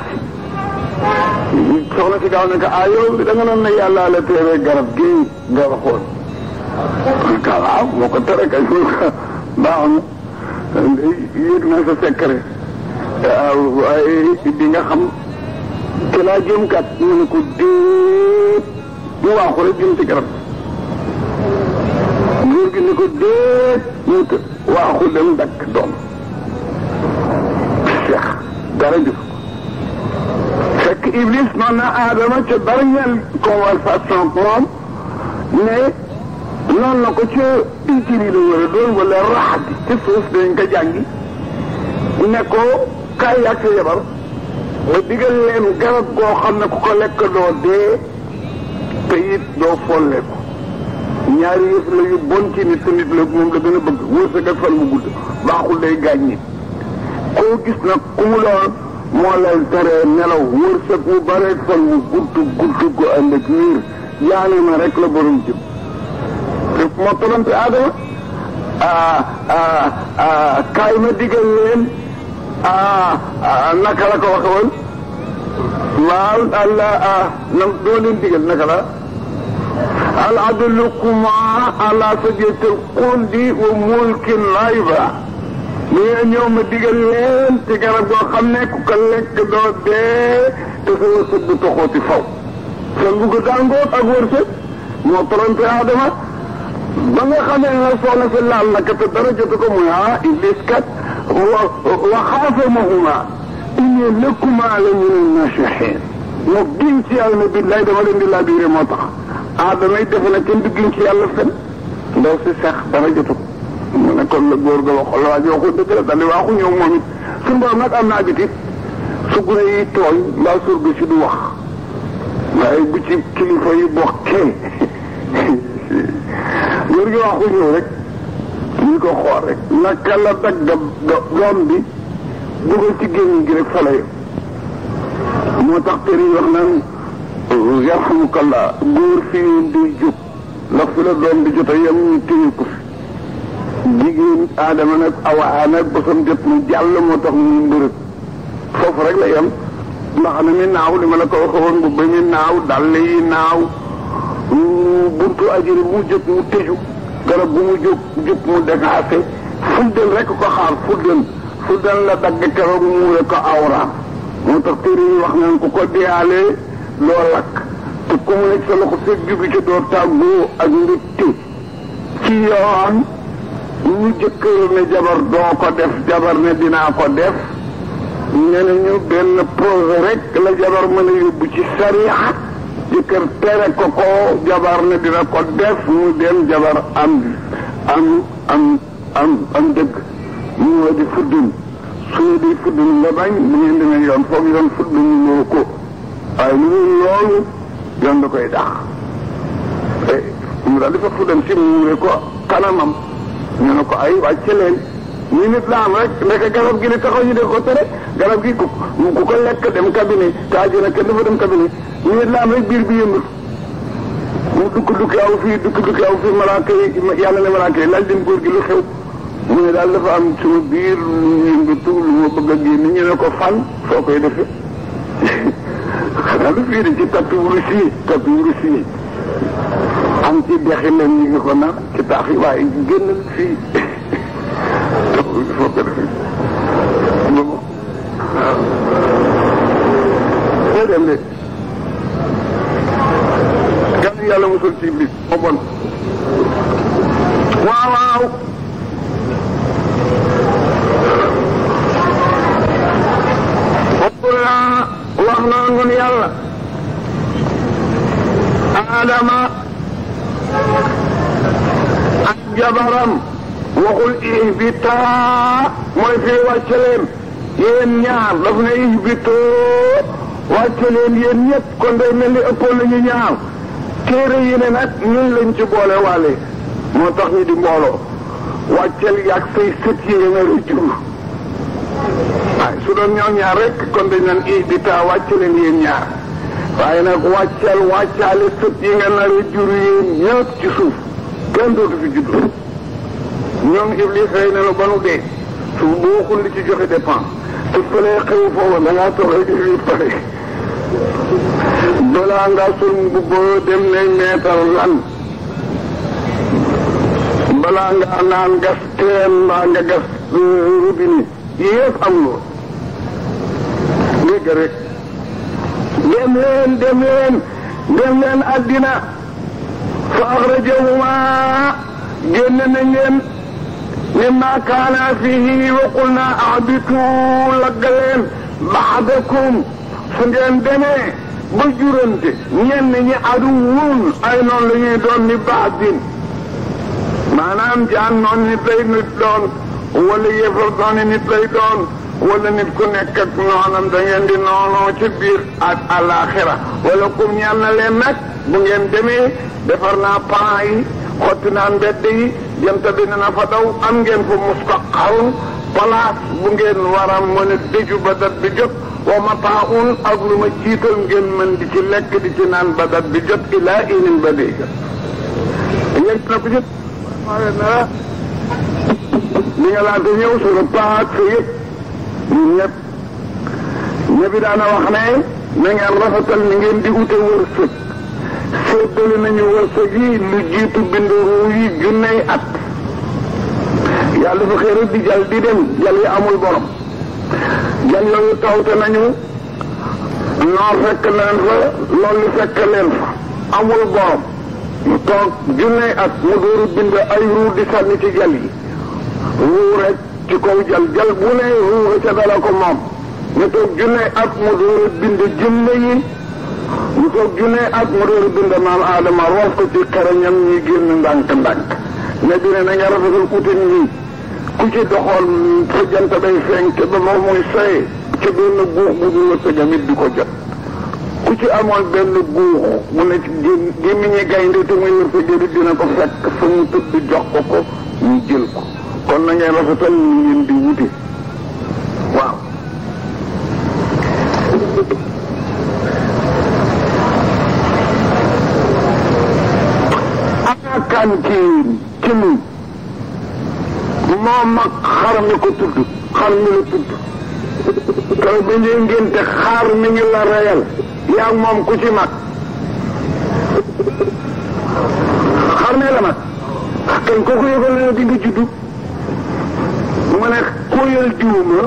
soxna si gaaw ne ko ah yow da nga doon ne yàllaa la teeree garab gii nga waxoon. waaw ah, moo ko tere kañ baax na yëg naa sa secret. waaw ah, waaye bi nga xam te laa jëm kat mu ne ko déet mu waaxu rek jëm ci garab. góor gi ne ko déet mu waaxu dem dakk doom. Cheikh dara jëf. fekk Iblis noon na Adama ca dernière conversation moom ne noonu la ko ca itili war a doon wala rax bi suuf dañ ko jàngi ne ko kaay yàgg yabar ba digal garab goo xam ne ku ko lekk doo dee te it doo folle ko ñaari yëf la yu bon ci nit te la moom la gën a bëgg wërsëg ak fan mu gudd baaxul day gaañ nit koo gis nag ku mu doon moo lay teree nelaw wërsëg mu bareeg fan mu gudd gudd gu ànd ak yiir yaani ma rek la borom jëm moo tolante aadama ah, ah, ah, kaay ma digal leen naka la ko waxe woon waaw allah nam doo leen digal naka la al adulukuma wa mulkin laa li nga ñëw ma digal leen ci garab goo xam ne ku ko lekk doo dee te sa wërsëg du toxooti faw sa mbugg dàngoot ak wërsëg moo trompé Adama ba nga xamee ne soxna si laal na kat dara jotu ko muy ah iblis kat wa wa xaasamahuma inni lakumaa la mina naasihiin mu giñ ci yàlla ne billaay dama leen di laa biire moo tax Adama it defe na kenn du giñ ci yàlla fen ndaw si sax dara jotu mu ne kon la góor ga waxoon moom it suñu borom nag am na habitude su gune tooñ mbaa surga si du wax waaye bu ci kilifa yi bokkee góor gi waaxu ñëw rek ñu ko xool rek naka la dagg doom bi dugal ci génn gi rek fa la moo tax tër yi wax góor fi ñun di jóg ndax fi la doom di jot a yem ko fi jigéen aadama nag awaa nag bosam jot mu jàll moo tax mu mbërëg foofu rek la yem ndax na mi naaw li ma la ko waxoon bu ba mi naaw dàll yi naaw buntu ajiri mu jot mu tëju garab bu mu jóg jub mu dégaase fuddal rek ko xaar fuddal fuddal la dagg keroog muure ko awraam moo tax téere wax nañ ku ko diyaalee loo lakk te ku mu sa loxo fekk jubi ci doo tàggoo ak mbégte ci yoon ñu jëkkër ne jabar doo ko def jabar ne dinaa ko def ñeneen ñu benn projet rek la jabar mën a yóbbu ci sariya jëkkër tere ko ko jabar ne dina ko def mu dem jabar am am am am am dëgg moo di su ñu di fuddun nga bañ bu ngeen demee yoon foog yoon fuddun moo ko waaye lu dul loolu yoon da koy dax eh, mu daal di fa si mu wure ko kanamam ñu ne ko ay wàcc leen ñu nit la am gi li taxaw ñu de ko tere garab gi ku ku ko lekk dem cabinet te aji na kenn dafa dem cabinet ñu nit la am rek biir bi yëngu mu dukk dukki aw fii dukki dukki aw fii malaaka yi yàlla ne malaaka yi laaj leen góor gi lu xew mu ne daal dafa am suma biir lu yëngatu lu ma bëgg a génn ñu ne ko fan foo koy defee xanaa lu fii de ci tapis wurus yi tapis am ci dexi leen ñi ngi ko nar داخل waaye génnal fii loolu il faut que def ma ko dem de gan yàlla musul ci mbir jabaram waxul ihbitaa mooy fii wàcce leen yéen ñaar daf ne ihbito wàcce leen yéen ñëpp kon day mel ni ëppoon ñaaw téré téere yi ne nag ñun lañ ci boole walé mo tax ñi di mbolo wàccel yak say sët yi nga rëccu waaye su doon ñoo ñaar rek kon dañ nan ihbita wàcce leen ñaar waaye nag wàccel wàccaale sët yi nga nar a jur yéen ñëpp ci suuf kenn dootu fi juddoo ñoom Iblis rey na ba nu dee su boo li ci joxe dépense te fële xew foofu da ngaa toog rek pare balaa ngaa sol mbubboo dem ne meetar lan balaa ngaa naan gas teen mbaa nga gas robinet yëpp am loolu dégg rek dem leen dem leen addina fa axrajahuma génn nañ leen mimma kaana fihi wa qulna ahbitu laggaleen baxdakum fu ngeen demee ba jurante ñenn ñi aduwun ay noonu la ñuy doon ni baadin maanaam jaan noonu nit lay nit doon wala yéefar doon wala nit ku nekk ak noonam da ngeen di noonoo ci biir ak àllaaxira wala kum ñaan leen nag bu ngeen demee defar naa paa yi xotti naa mbedd yi fa daw am ngeen fa mustaqarun place bu ngeen war a mën a déju ba dat bi jot wa mataaun lu ma jiital ngeen mën di ci lekk di ci naan ba dat bi jot ilaa inin ba dee jot yegg na ko jot li nga laata ñëw suñu paa ñun ñëpp ñëpp daana wax ne na ngeen rafetal ni ngeen di ute wërsëg séddale nañu wërsëg yi lu jiitu bindu ruu yi junney at yàlla dafa xëy rek di jal di dem jal yi amul borom jal yooyu tawte nañu noor fekk leen fa loolu fekk leen fa amul borom toog junney at mu bind ay ruu di sànni ci jal yi ruu rek ci kaw jal jal bu ne ruuxa ca dala ko moom nga toog junne at mu door a bind jinne yi mu toog junne at mu door a bind maam aadama roof ko ci xarañam ñuy génn ndànk-ndànk ne bi ne na nga rafetal ute nii ku ci doxoon sa jant bay fenk ba moom muy soye ca benn guux bu dul wërsëgam it di ko jot ku ci amoon benn guux mu ne ci gémmiñi gaynde te muy wërsëgam it dina ko fekk fa mu tudd jox ko ko ñu jël ko kon na ngeen rafetal ni ngeen kan ya, kan di wuti waaw ana kan ci ci mu mom ak xaram ni ko tuddu xal ni la tuddu tudd kaw ba ngeen te xaar ni ngi la reyal yaa mom ku ci mak xaar ne la mak mag ko kooku yëgal la dindi juddu dama ne xoyal diwma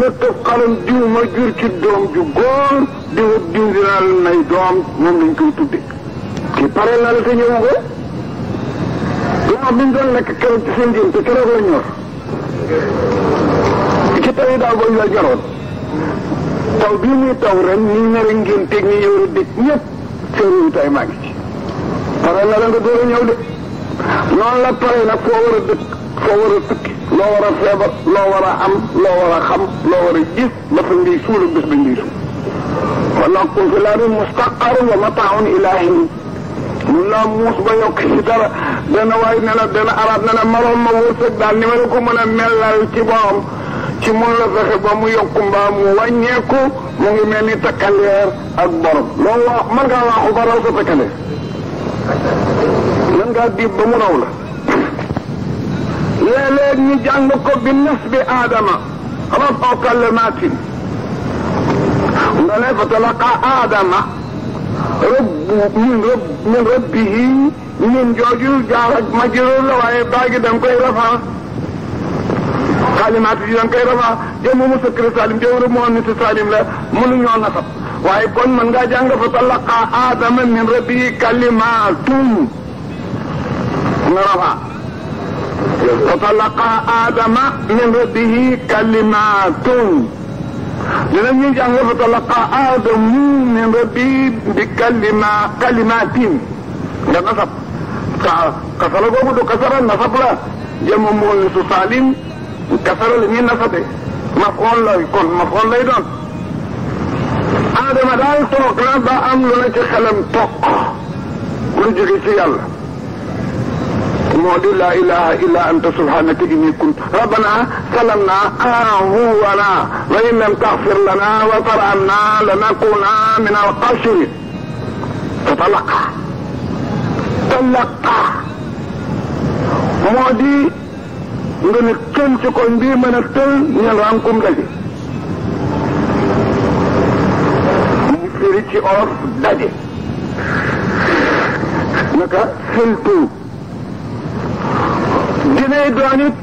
na tëf xalam diwma jur ci doom ju góor di wut diw nay doom moom lañ koy tudde ci pare la la te ñëw ko gannaaw bi ñu doon lekk keroog ci seen diin te keroog la ñor ci tawi daaw ba la jaroon taw bi muy taw ren ñi nare ngeen teg ni yëwru dëkk ñëpp seen yu tay maa ngi ci pare la la nga door a ñëw de noonu la pare nag foo war a dëkk foo war a tukki loo war a feebar loo war a am loo war a xam loo war a gis ba fa ngay suul ak bés ba ngay suul wa lakum fi lardi mustaqarun wa mataun ilahin mun naa muus ba yokk si dara dana waay ne na dana arab ne na maroon ma wërsëg daal ni ma la ko mën a mellal ci borom ci moom la fexe ba mu yokk mbaa mu wàññeeku mu ngi mel ni takkaleer ak borom loolu wax man ngaa waaxu ba raw sa takkaleer man ngaa diib ba mu raw la léeg-léeg ñu jàng ko bi nasbi aadama rafa kalimatin nga ne fa talaqa aadama rëbb min rëbb min rabbihi min jooju jaar ak majrur la waaye baa gi da nga koy rafaa kalimaat yi da nga koy rafaa jëmm mu sëkkri salim jëmm rëbb moo nit salim la mënuñoo nasab waaye kon mën ngaa jàng fa talaqa aadama min rabbihi kalimaatun nga rafaa Fatalaka adama min rubbihi kalimatun Jangan ni jangan fatalaka adamu min rubbihi bi kalima kalimatin Dan nasab Kasara gomu tu kasara nasab lah Dia memuat Yusuf Salim Kasara ni nasab eh ya. Maf'on lah ikon maf'on lah idon Adama dah suruh kenapa amlu lagi khalam tok Kunjuri siyal مودي لا اله الا انت سبحانك اني كنت ربنا سلمنا اهونا وان لم تغفر لنا وترحمنا لنكونا من القاشرين فطلق طلق مودي من a kenn ci ko mbir من a tël ñel rànkum daje mu firi ci or daje naka fëltu dinay doon it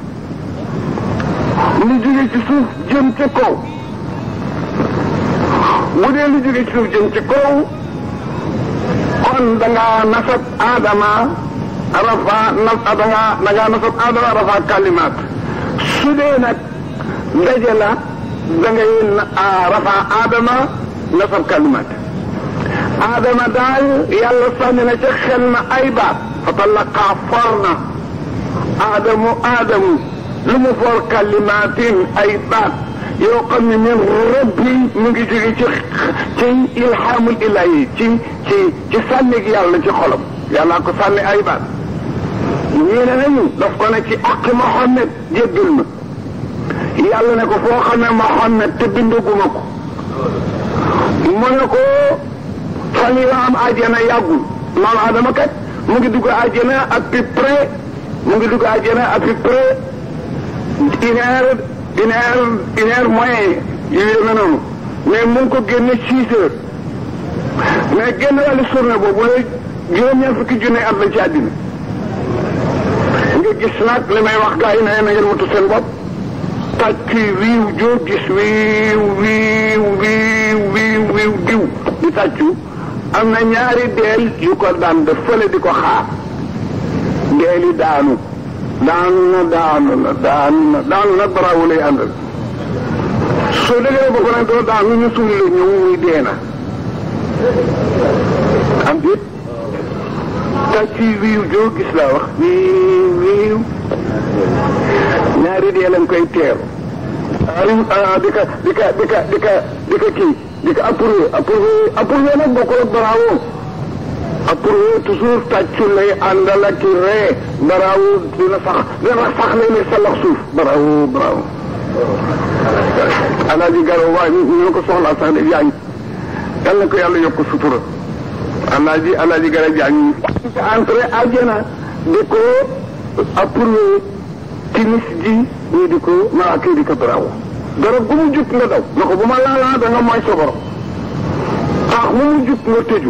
lu jóge ci suuf jëm ci lu jóge ci suuf kon da nasab aadama rafa nasab aadama rafa kalimaat su dee nag daje la rafa aadama nasab kalimaat aadama daal yàlla sànni na ca xel na ay fa talaqa for aadamu aadamu lu mu for kalimaatin ay baat yoo xam ne min rabbi mu ngi jóge ci ci ilhaamul ilahi ci ci ci sànnig ci xolam yàllaa ko sànni ay baat ñu ne nañu daf ci aq Mohammed jéggal ma yàlla ne ko foo xamee Mohammed te mu ne ko fan yi la am ajjana Adama kat mu ngi dugg ajjana ak pi mu ngi dugg àjjana à peu près une moyen yu yéeme noonu mais mu ko génne six heures mais génn wàllu surne boobu la juróom-ñaar fukki junne at la ci àddina nga gis nag li may wax gaa yi ne na ngeen watu seen bopp tàcc wiiw joo gis wiiw wiiw wiiw wiiw wiiw diw di tàccu am na ñaari deel yu ko daan def di ko xaar deeli daanu daanu na daanu na daanu na daanu na baraawu lay àndal soo dëgëree ba ko nag doo daanu ñu suul la ñëw muy dee na am déet tàcc wiiw joo gis laa wax wiiw wiiw ñaari dee lañ koy teeru ah di ka di ka di ka di ka di ka kii di ka approuvé approuvé approuvé nag bokkul ak bravo pour toujours tàccu lay àndal ak re baraawu dina sax dina sax lay ne sa lax suuf baraawu baraawu alaaji garo waa ñu ñu ko soxlaa sax ne jaañ yàlla ko yàlla yokk sutura alaaji alaaji garo jaañ entré àjjana di ko approuvé timis ji ñu di ko malaaka di ko baraawu dara gu mu jub nga daw na ko la ma laalaa da nga mooy sa borom mu mu jub nga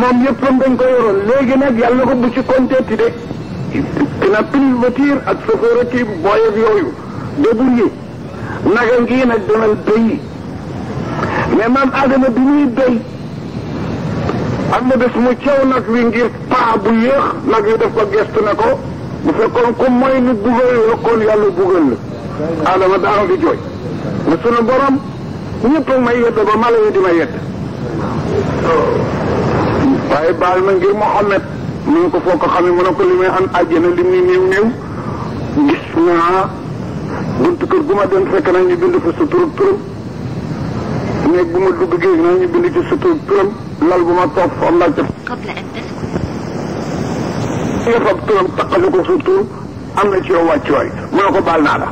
moom yëppam dañ ko yoroon léegi nag yàlla ko bu ci compter de dina pile voiture ak chauffeur ak kii booyeeb yooyu déglu ngi naga ngi nag dana béy mais maam Adama bi muy béy am na def mu caw nag wi ngir paa bu yéex nag yu def ko gestu ne ko bu fekkoon ku mooy nit bugal la kon yàlla bugal la Adama daara di jooy ma sunu borom ñëpp may yedd ba mala yi di ma yedd waaye baal ma ngir Muhammad mu ne ko foo a xamee mu ne ko li may am àjjana li muy néew néew gis naa buntu kër bu ma dem fekk na ñu bind fa sa turub turam néeg bu ma dugg géej na ñu bind ci sa turub turam lal bu ma toog fa am laa jot nga fab turam taqale ko sa tur am ci yow wàccuwaay mu ne baal naa la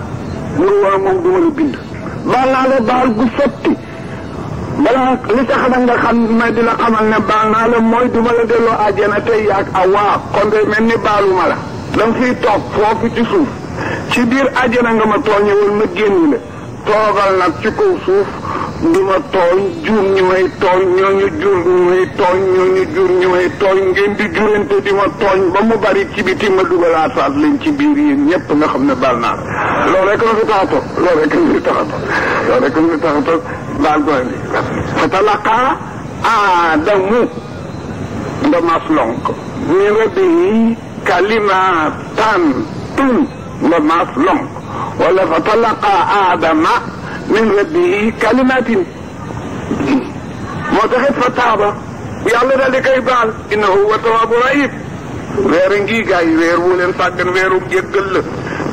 mu ne moom du ma la bind baal naa la baal gu balaa li tax nag nga xam ma di la xamal ne baal naa la mooy du la delloo àjjana tey ak awaa kon de mel ni baaluma la danga fiy toog foofu ci suuf ci biir àjjana nga ma tooñe woon ma génn toogal nag ci kaw suuf ñi ma tooñ jur ñu may tooñ ñooñu jur ñu may tooñ ñooñu jur ñu may tooñ ngeen di jurante di ma toñ ba mu bari ci biti ma dugal asaas leen ci biir yéen ñepp nga xam ne baal naa loolu rek la fi taxato loolu rek la fi taxato loolu rek la fi taxato a toog baal ko indi fatalaqa aadamu ndamas lonk ni kalima tan tun ndamas lonk wala fatalaqa aadama min rabbihi kalimatin moo taxit fa taaba yàlla daal di koy baal innahu huwa tawaabu rahim weer a ngi gars yi weer wu leen sàggan weeru jéggal la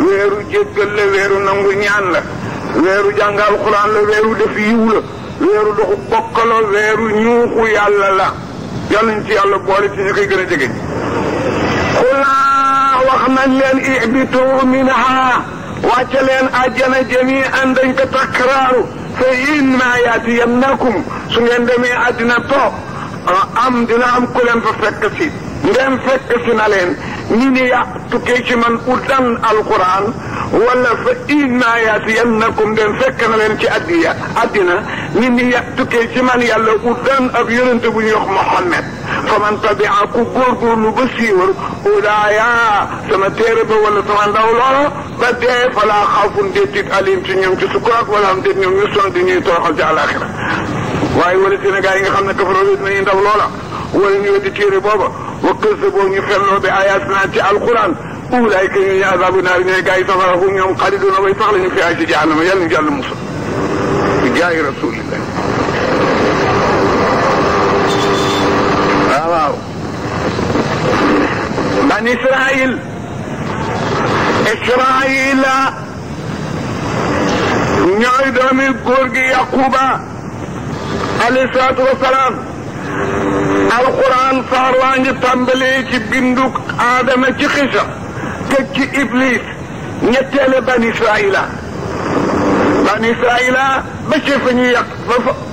weeru jéggal la weeru nangu ñaan la weeru jàng alxuraan la weeru def yiw la weeru doxu bokk la weeru ñuuxu yàlla la yàlla ñu ci yàlla boole ci ñu koy gën a jege xulaa wax nañ leen ibitu minha wàcce leen àjjana jami'an dañ ko takraaru fa in ma yaatiyannakum su ngeen demee am dina am ku leen ngeen fekk si na leen ni ne ya tukkee ci man uddan alquran wala fa inna yatiyannakum ngeen fekk na leen ci addiya addina ni ne ya tukkee ci man yàlla uddan ab yonente bu ñuy wax mohammed fa man tabia ku góorgóorlu ba siiwal ulaaya sama téere ba wala sama ndaw loola ba dee fa laa xaafun déetit alim ci ñoom ci sukuraat wala am déet ñoom ñu son di ñuy toroxal ci alaxira waaye wala sénégal yi nga xam ne kafaroo dinañu ndaw loola ولن يدتير بابا وكذبوا يخلوا بآياتنا تي القرآن أولئك يعذاب نار نيغاي سفرهم يوم خالدون ويتخلن في عيش جهنم يلن جعل المصر بجاه رسول الله آه، بني إسرائيل إسرائيل نعيد من قرق gi عليه الصلاة والسلام القران فارلانج تامبليك بندوك ادم تي خيسا تك ابليس نيتل بني اسرائيل بني اسرائيل باش فني يق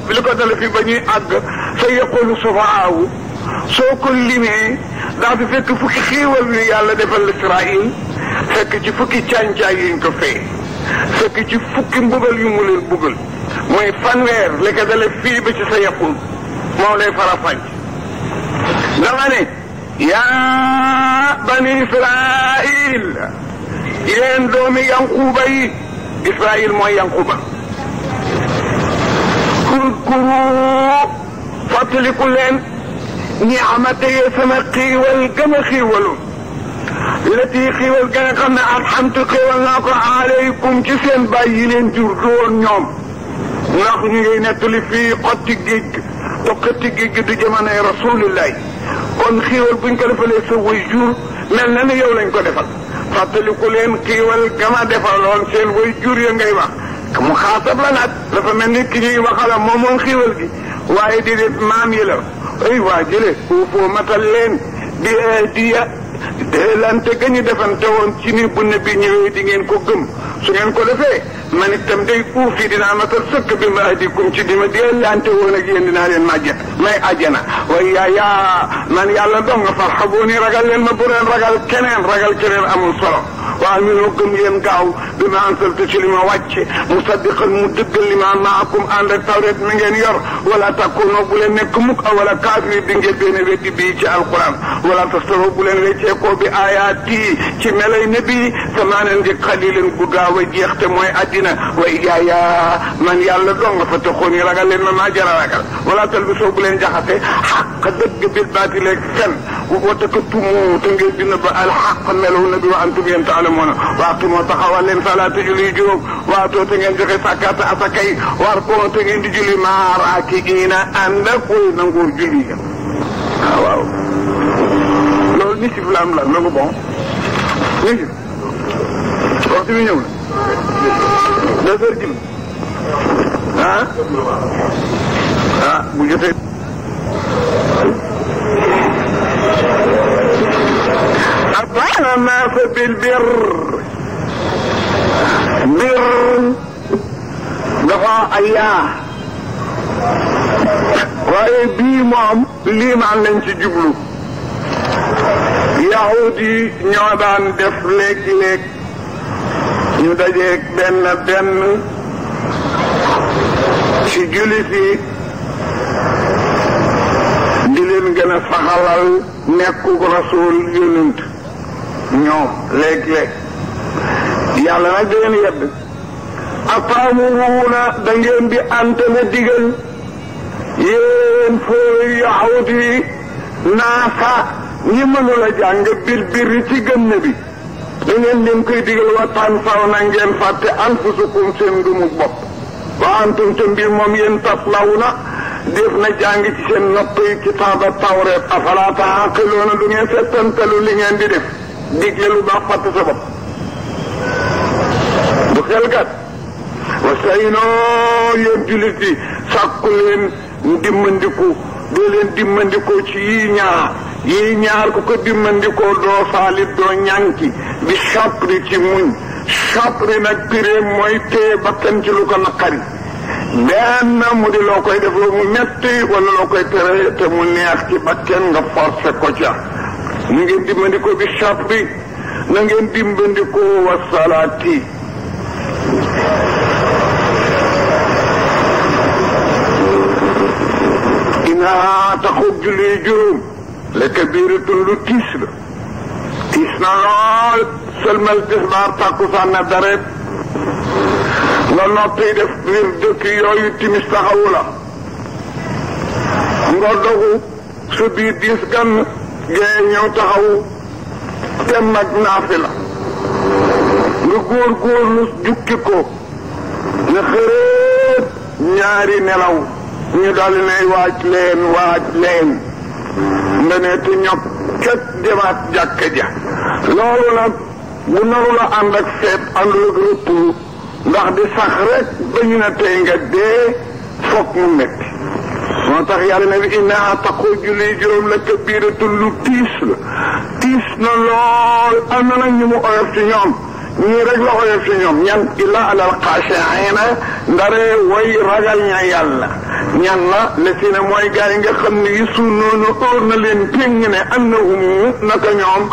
فلكو دال في بني اغ سيقول سفعاو سو كل لي دا في فك فك خيول لي يالا ديفال اسرائيل فك تي فك تيان جاي نكو في فك تي فك مبل يمولين بوغل موي فانوير لكدال في بي سي يقول مولاي فرافاني لغني يا بني إسرائيل يندومي ينقوبي إسرائيل ما ينقوبا كركرو فضل كلين نعمتي سمقي والقمخي ولون التي خي والقنقة ما أرحمت خي والناقة عليكم جسين بايلين جردون يوم ونحن نتلي في قطي جيج وقطي جيج رسول الله kon xéewal buñ ko defalee sa way jur mel na ne yow lañ ko defal ko leen xéewal gama defaloon seen way jur ya ngay wax mu xaasab la nag dafa mel ni ki ñuy waxala moom moom xéewal gi waaye di def maam yi la ay waa jële foofoo matal leen di eh, di eh, lante ga ñu defante woon ci ni bunne bi ñëwee di ngeen ko gëm su ngeen ko defee من التمدي كوفي دينا مثل سك بما اهديكم تشدي مديال انت هو نجي عندنا ما جينا ما اجنا ويا يا من يلا دم فرحبوني رجال لما بورن رجال كنن رجال كنن امن صار وامنكم ينقعوا بما انزلت لما وجه مصدق المدق لما معكم ان التوريد من ينير ولا تكونوا بلنكم ولا كافر دنجي بين بيتي بيجي القران ولا تستروا بلن ليتيكو باياتي كمالي نبي ثمانا قليلا قدا وجي يختموا ادنا na way jaaya man yàlla dong fa taxoon ragal leen man maa jara ragal wala talbisoo bu leen jaxase xaq dëgg bil baatil ak fen wata ko tumu te ngeen dina ba melu na wa antum yéen taalamoona waa waa too te ngeen joxe sàkkaata asaka yi war koo te ngeen di julli maara ki iina ànd ak koy ni ci la am la loolu bon ni ci waxtu bi ñëw neuf heures jëm ah ah أطعنا الناس بالبر بر دفع الله waaye bii moom lii yahudi ñoo ñu dajeeg benn benn ci jullit yi di gën a saxalal nekkuk rasul yonent ñoom léeg-léeg yàlla nag da ngeen yedd ataamuruuna da ngeen di antale digal yéen fooy yaxut yi naasa ñi mënula jàng bir bir ci gëm bi li ngeen leen koy digal waxtaan faw na ngeen fàtte anfusukum seen ngëmu bopp wa antum te mbir moom yéen taslaw na def na jàng ci seen nopp yi kitaaba tawreet afalaa taaqiluuna du ngeen settantalu li ngeen di def digle lu baax fàtte sa bopp bu xelkat wastahinoo yéen jullit yi sàkku leen dimmandiku doo leen dimmandiku ci yii ñaar yii ñaar ku ko dimmandikoo doo faalit doo ñànki bi sabri ci muñ sabri nag piree mooy téye bakkan ci lu ko naqari benn mu di loo koy def lu mu metti wala loo koy tere te mu neex ci bakkan nga forcé ko ca na ngeen dimmandikoo bi sabri na ngeen dimmandikoo wasalaati inaa taxu julli juróom لكبيرة تقولوا تيسنا تيسنا غال سلمل تهبار تاكو سانا داريب لانا تيدي فتير دكي يو يتي مستخولا مردوه سبي تيس كان جاي نيو تخو تم مجنافلا نقول قول نس جككو نخريب نياري نلو ندالي نيواج لين واج لين, واج لين. nga ne tu ñob ket demaat jàkka loolu nag bu naru la ànd ak feet àndul ak rëpp ndax di sax rek ba ñu ne dee foog mu metti moo tax yàlla ne bi inna taqoo julli juróom la kabiratun lu tiis la tiis na lool am na mu oyof ci ñoom ñii rek oyof ci ñoom ñan illa alal xaashiina ndaree way ragal ña yàlla ñan la la si ne yi nga xam ne yu suul noonu óor na leen péng ne annahum naka ñoom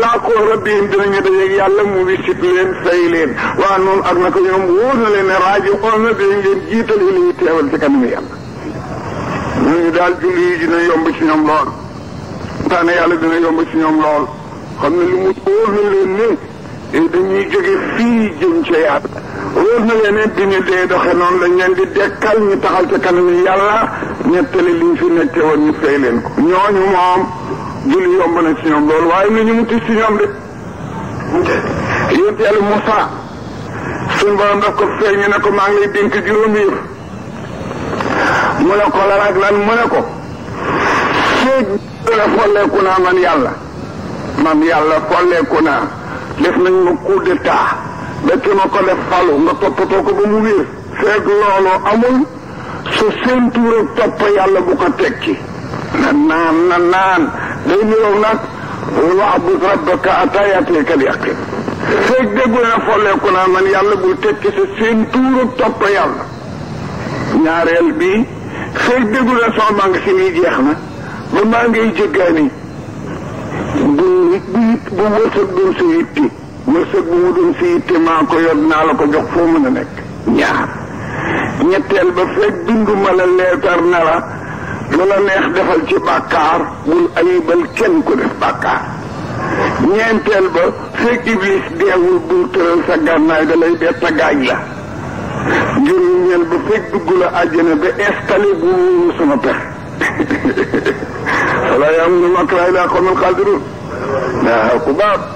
laakoo rabbihim dinañu dajeeg yàlla mu wisit leen fay leen waa noonu ak naka ñoom wóor na leen ne rajo óor na dañ leen jiital yi teewal ci kanamu yàlla ñooñu daal julli yi dina yomb ci ñoom lool taane yàlla dina yomb ci ñoom lool xam ne lu mu óor na leen ne eh, dañuy jóge fii jëm ca yàlla wóor na leen ne dignité doxe noonu lañ leen di dekkal ñu taxal ca kanam yàlla ñettali liñ fi nekke woon ñu fay leen ko ñooñu moom julli yomb na ci ñoom loolu waaye lu ñu mutis ci ñoom de yonent yàlla Moussa suñ borom ko feeñu ne ko maa ngi lay dénk juróomi yëf mu ne ko lan ak lan mu ne ko féeg naa man yàlla man yàlla folleeku naa def nañ ma coup ba ki ma ko def falu nga toppatoo ko ba mu wér feeg loolu amul su séentuur ak topp yàlla bu ko tekki na naan na naan day niroog nag wa'bud rabbaka hattaa ya'tiyakal yaqiin feeg déggu na folleeku naa man yàlla bul tekki sa séentuur ak topp yàlla ñaareel bi feeg déggu na sama maa si nii jeex na ba maa ngiy jéggaani bu bu bu wërsëg doon sa yitti wërsëg bu mu doon si itte maa ko yor naa la ko jox foo mën a nekk ñaar ñetteel ba fekk binduma la leetar na la lu la neex defal ci bàkkaar bul ayibal kenn ko def bàkkaar ñeenteel ba fekk iblis deewul bul tëral sa gànnaay da lay bett a gaaj la juróomeel ba fekk dugg la àjjana ba installé bu mu sama pex walla yaa mun a makkalaay laa xamal xaadiru daa ku baab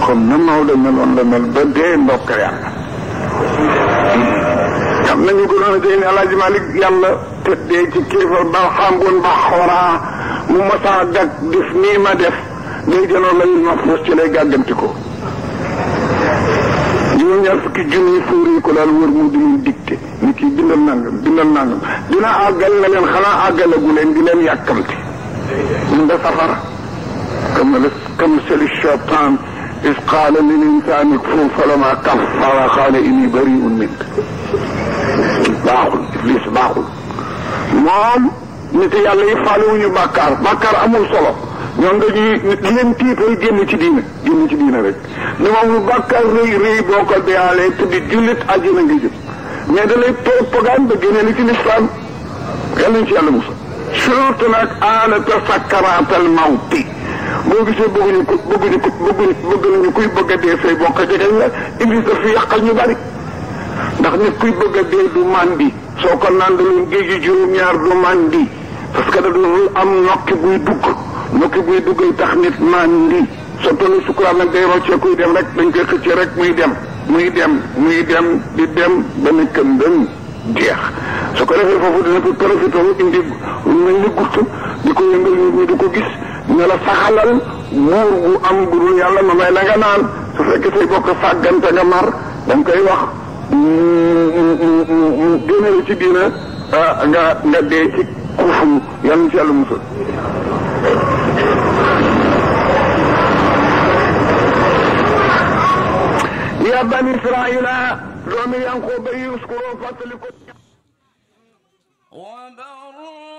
comme na Maodo meloon la ko doon dee ne El Hadj Malick yàlla te dee ci kilifa ba xam ba xoraa mu mosaa dak def nii ma def day jëloon la ñu ma fuus ci lay gàgganti ko. ñoo ñaar fukki junni suur yi ko daal wër mu di leen dicté ni kii bindal nangam bindal nangam dina àggal na leen xanaa àggalagu leen di leen yàkkamti. mu nga safara. comme le comme إذ قال للإنسان اكفر فلما كفر قال إني بريء منك baaxul iblis baaxul moom nit yàlla yi faalewuñu bàkkaar bàkkaar amul solo ñoom dañuy di leen tiital génn ci diine génn ci diine rek ne moom lu bàkkaar rëy rëy boo ko deyaalee te di jullit àjjana nga jëm mais da lay propagande ba génne la ci lislaam yàlla nañ ci yàlla musa surtout nag aana tasakkaraatal mawti boo gisee bëgguñu ko bëgguñu ko bëgguñu bëgg nañu kuy bëgg a dee say bokk jegeñ la iblis daf fi yàqal ñu bari ndax nit kuy bëgg a dee du màndi soo ko nàndaloon géej gi juróom-ñaar du màndi parce que da doon am nokki buy dugg nokki buy duggay tax nit màndi soo tollu sukuraat nag day roccee kuy dem rek dañ koy xëcc rek muy dem muy dem muy dem di dem ba ne këndëm jeex su ko defee foofu dina fi profité indi mel ni gutt di ko yëngal nit ñi di ko gis ne la saxalal muur bu am bu dul yàlla ma may la nga naan su fekkee say bokk sàggante nga mar da nga koy wax génneel ci diina nga nga dee ci kufum yan ci yàlla musul يا بني إسرائيل دومي ينقو بيسكروا فتلكوا وبروا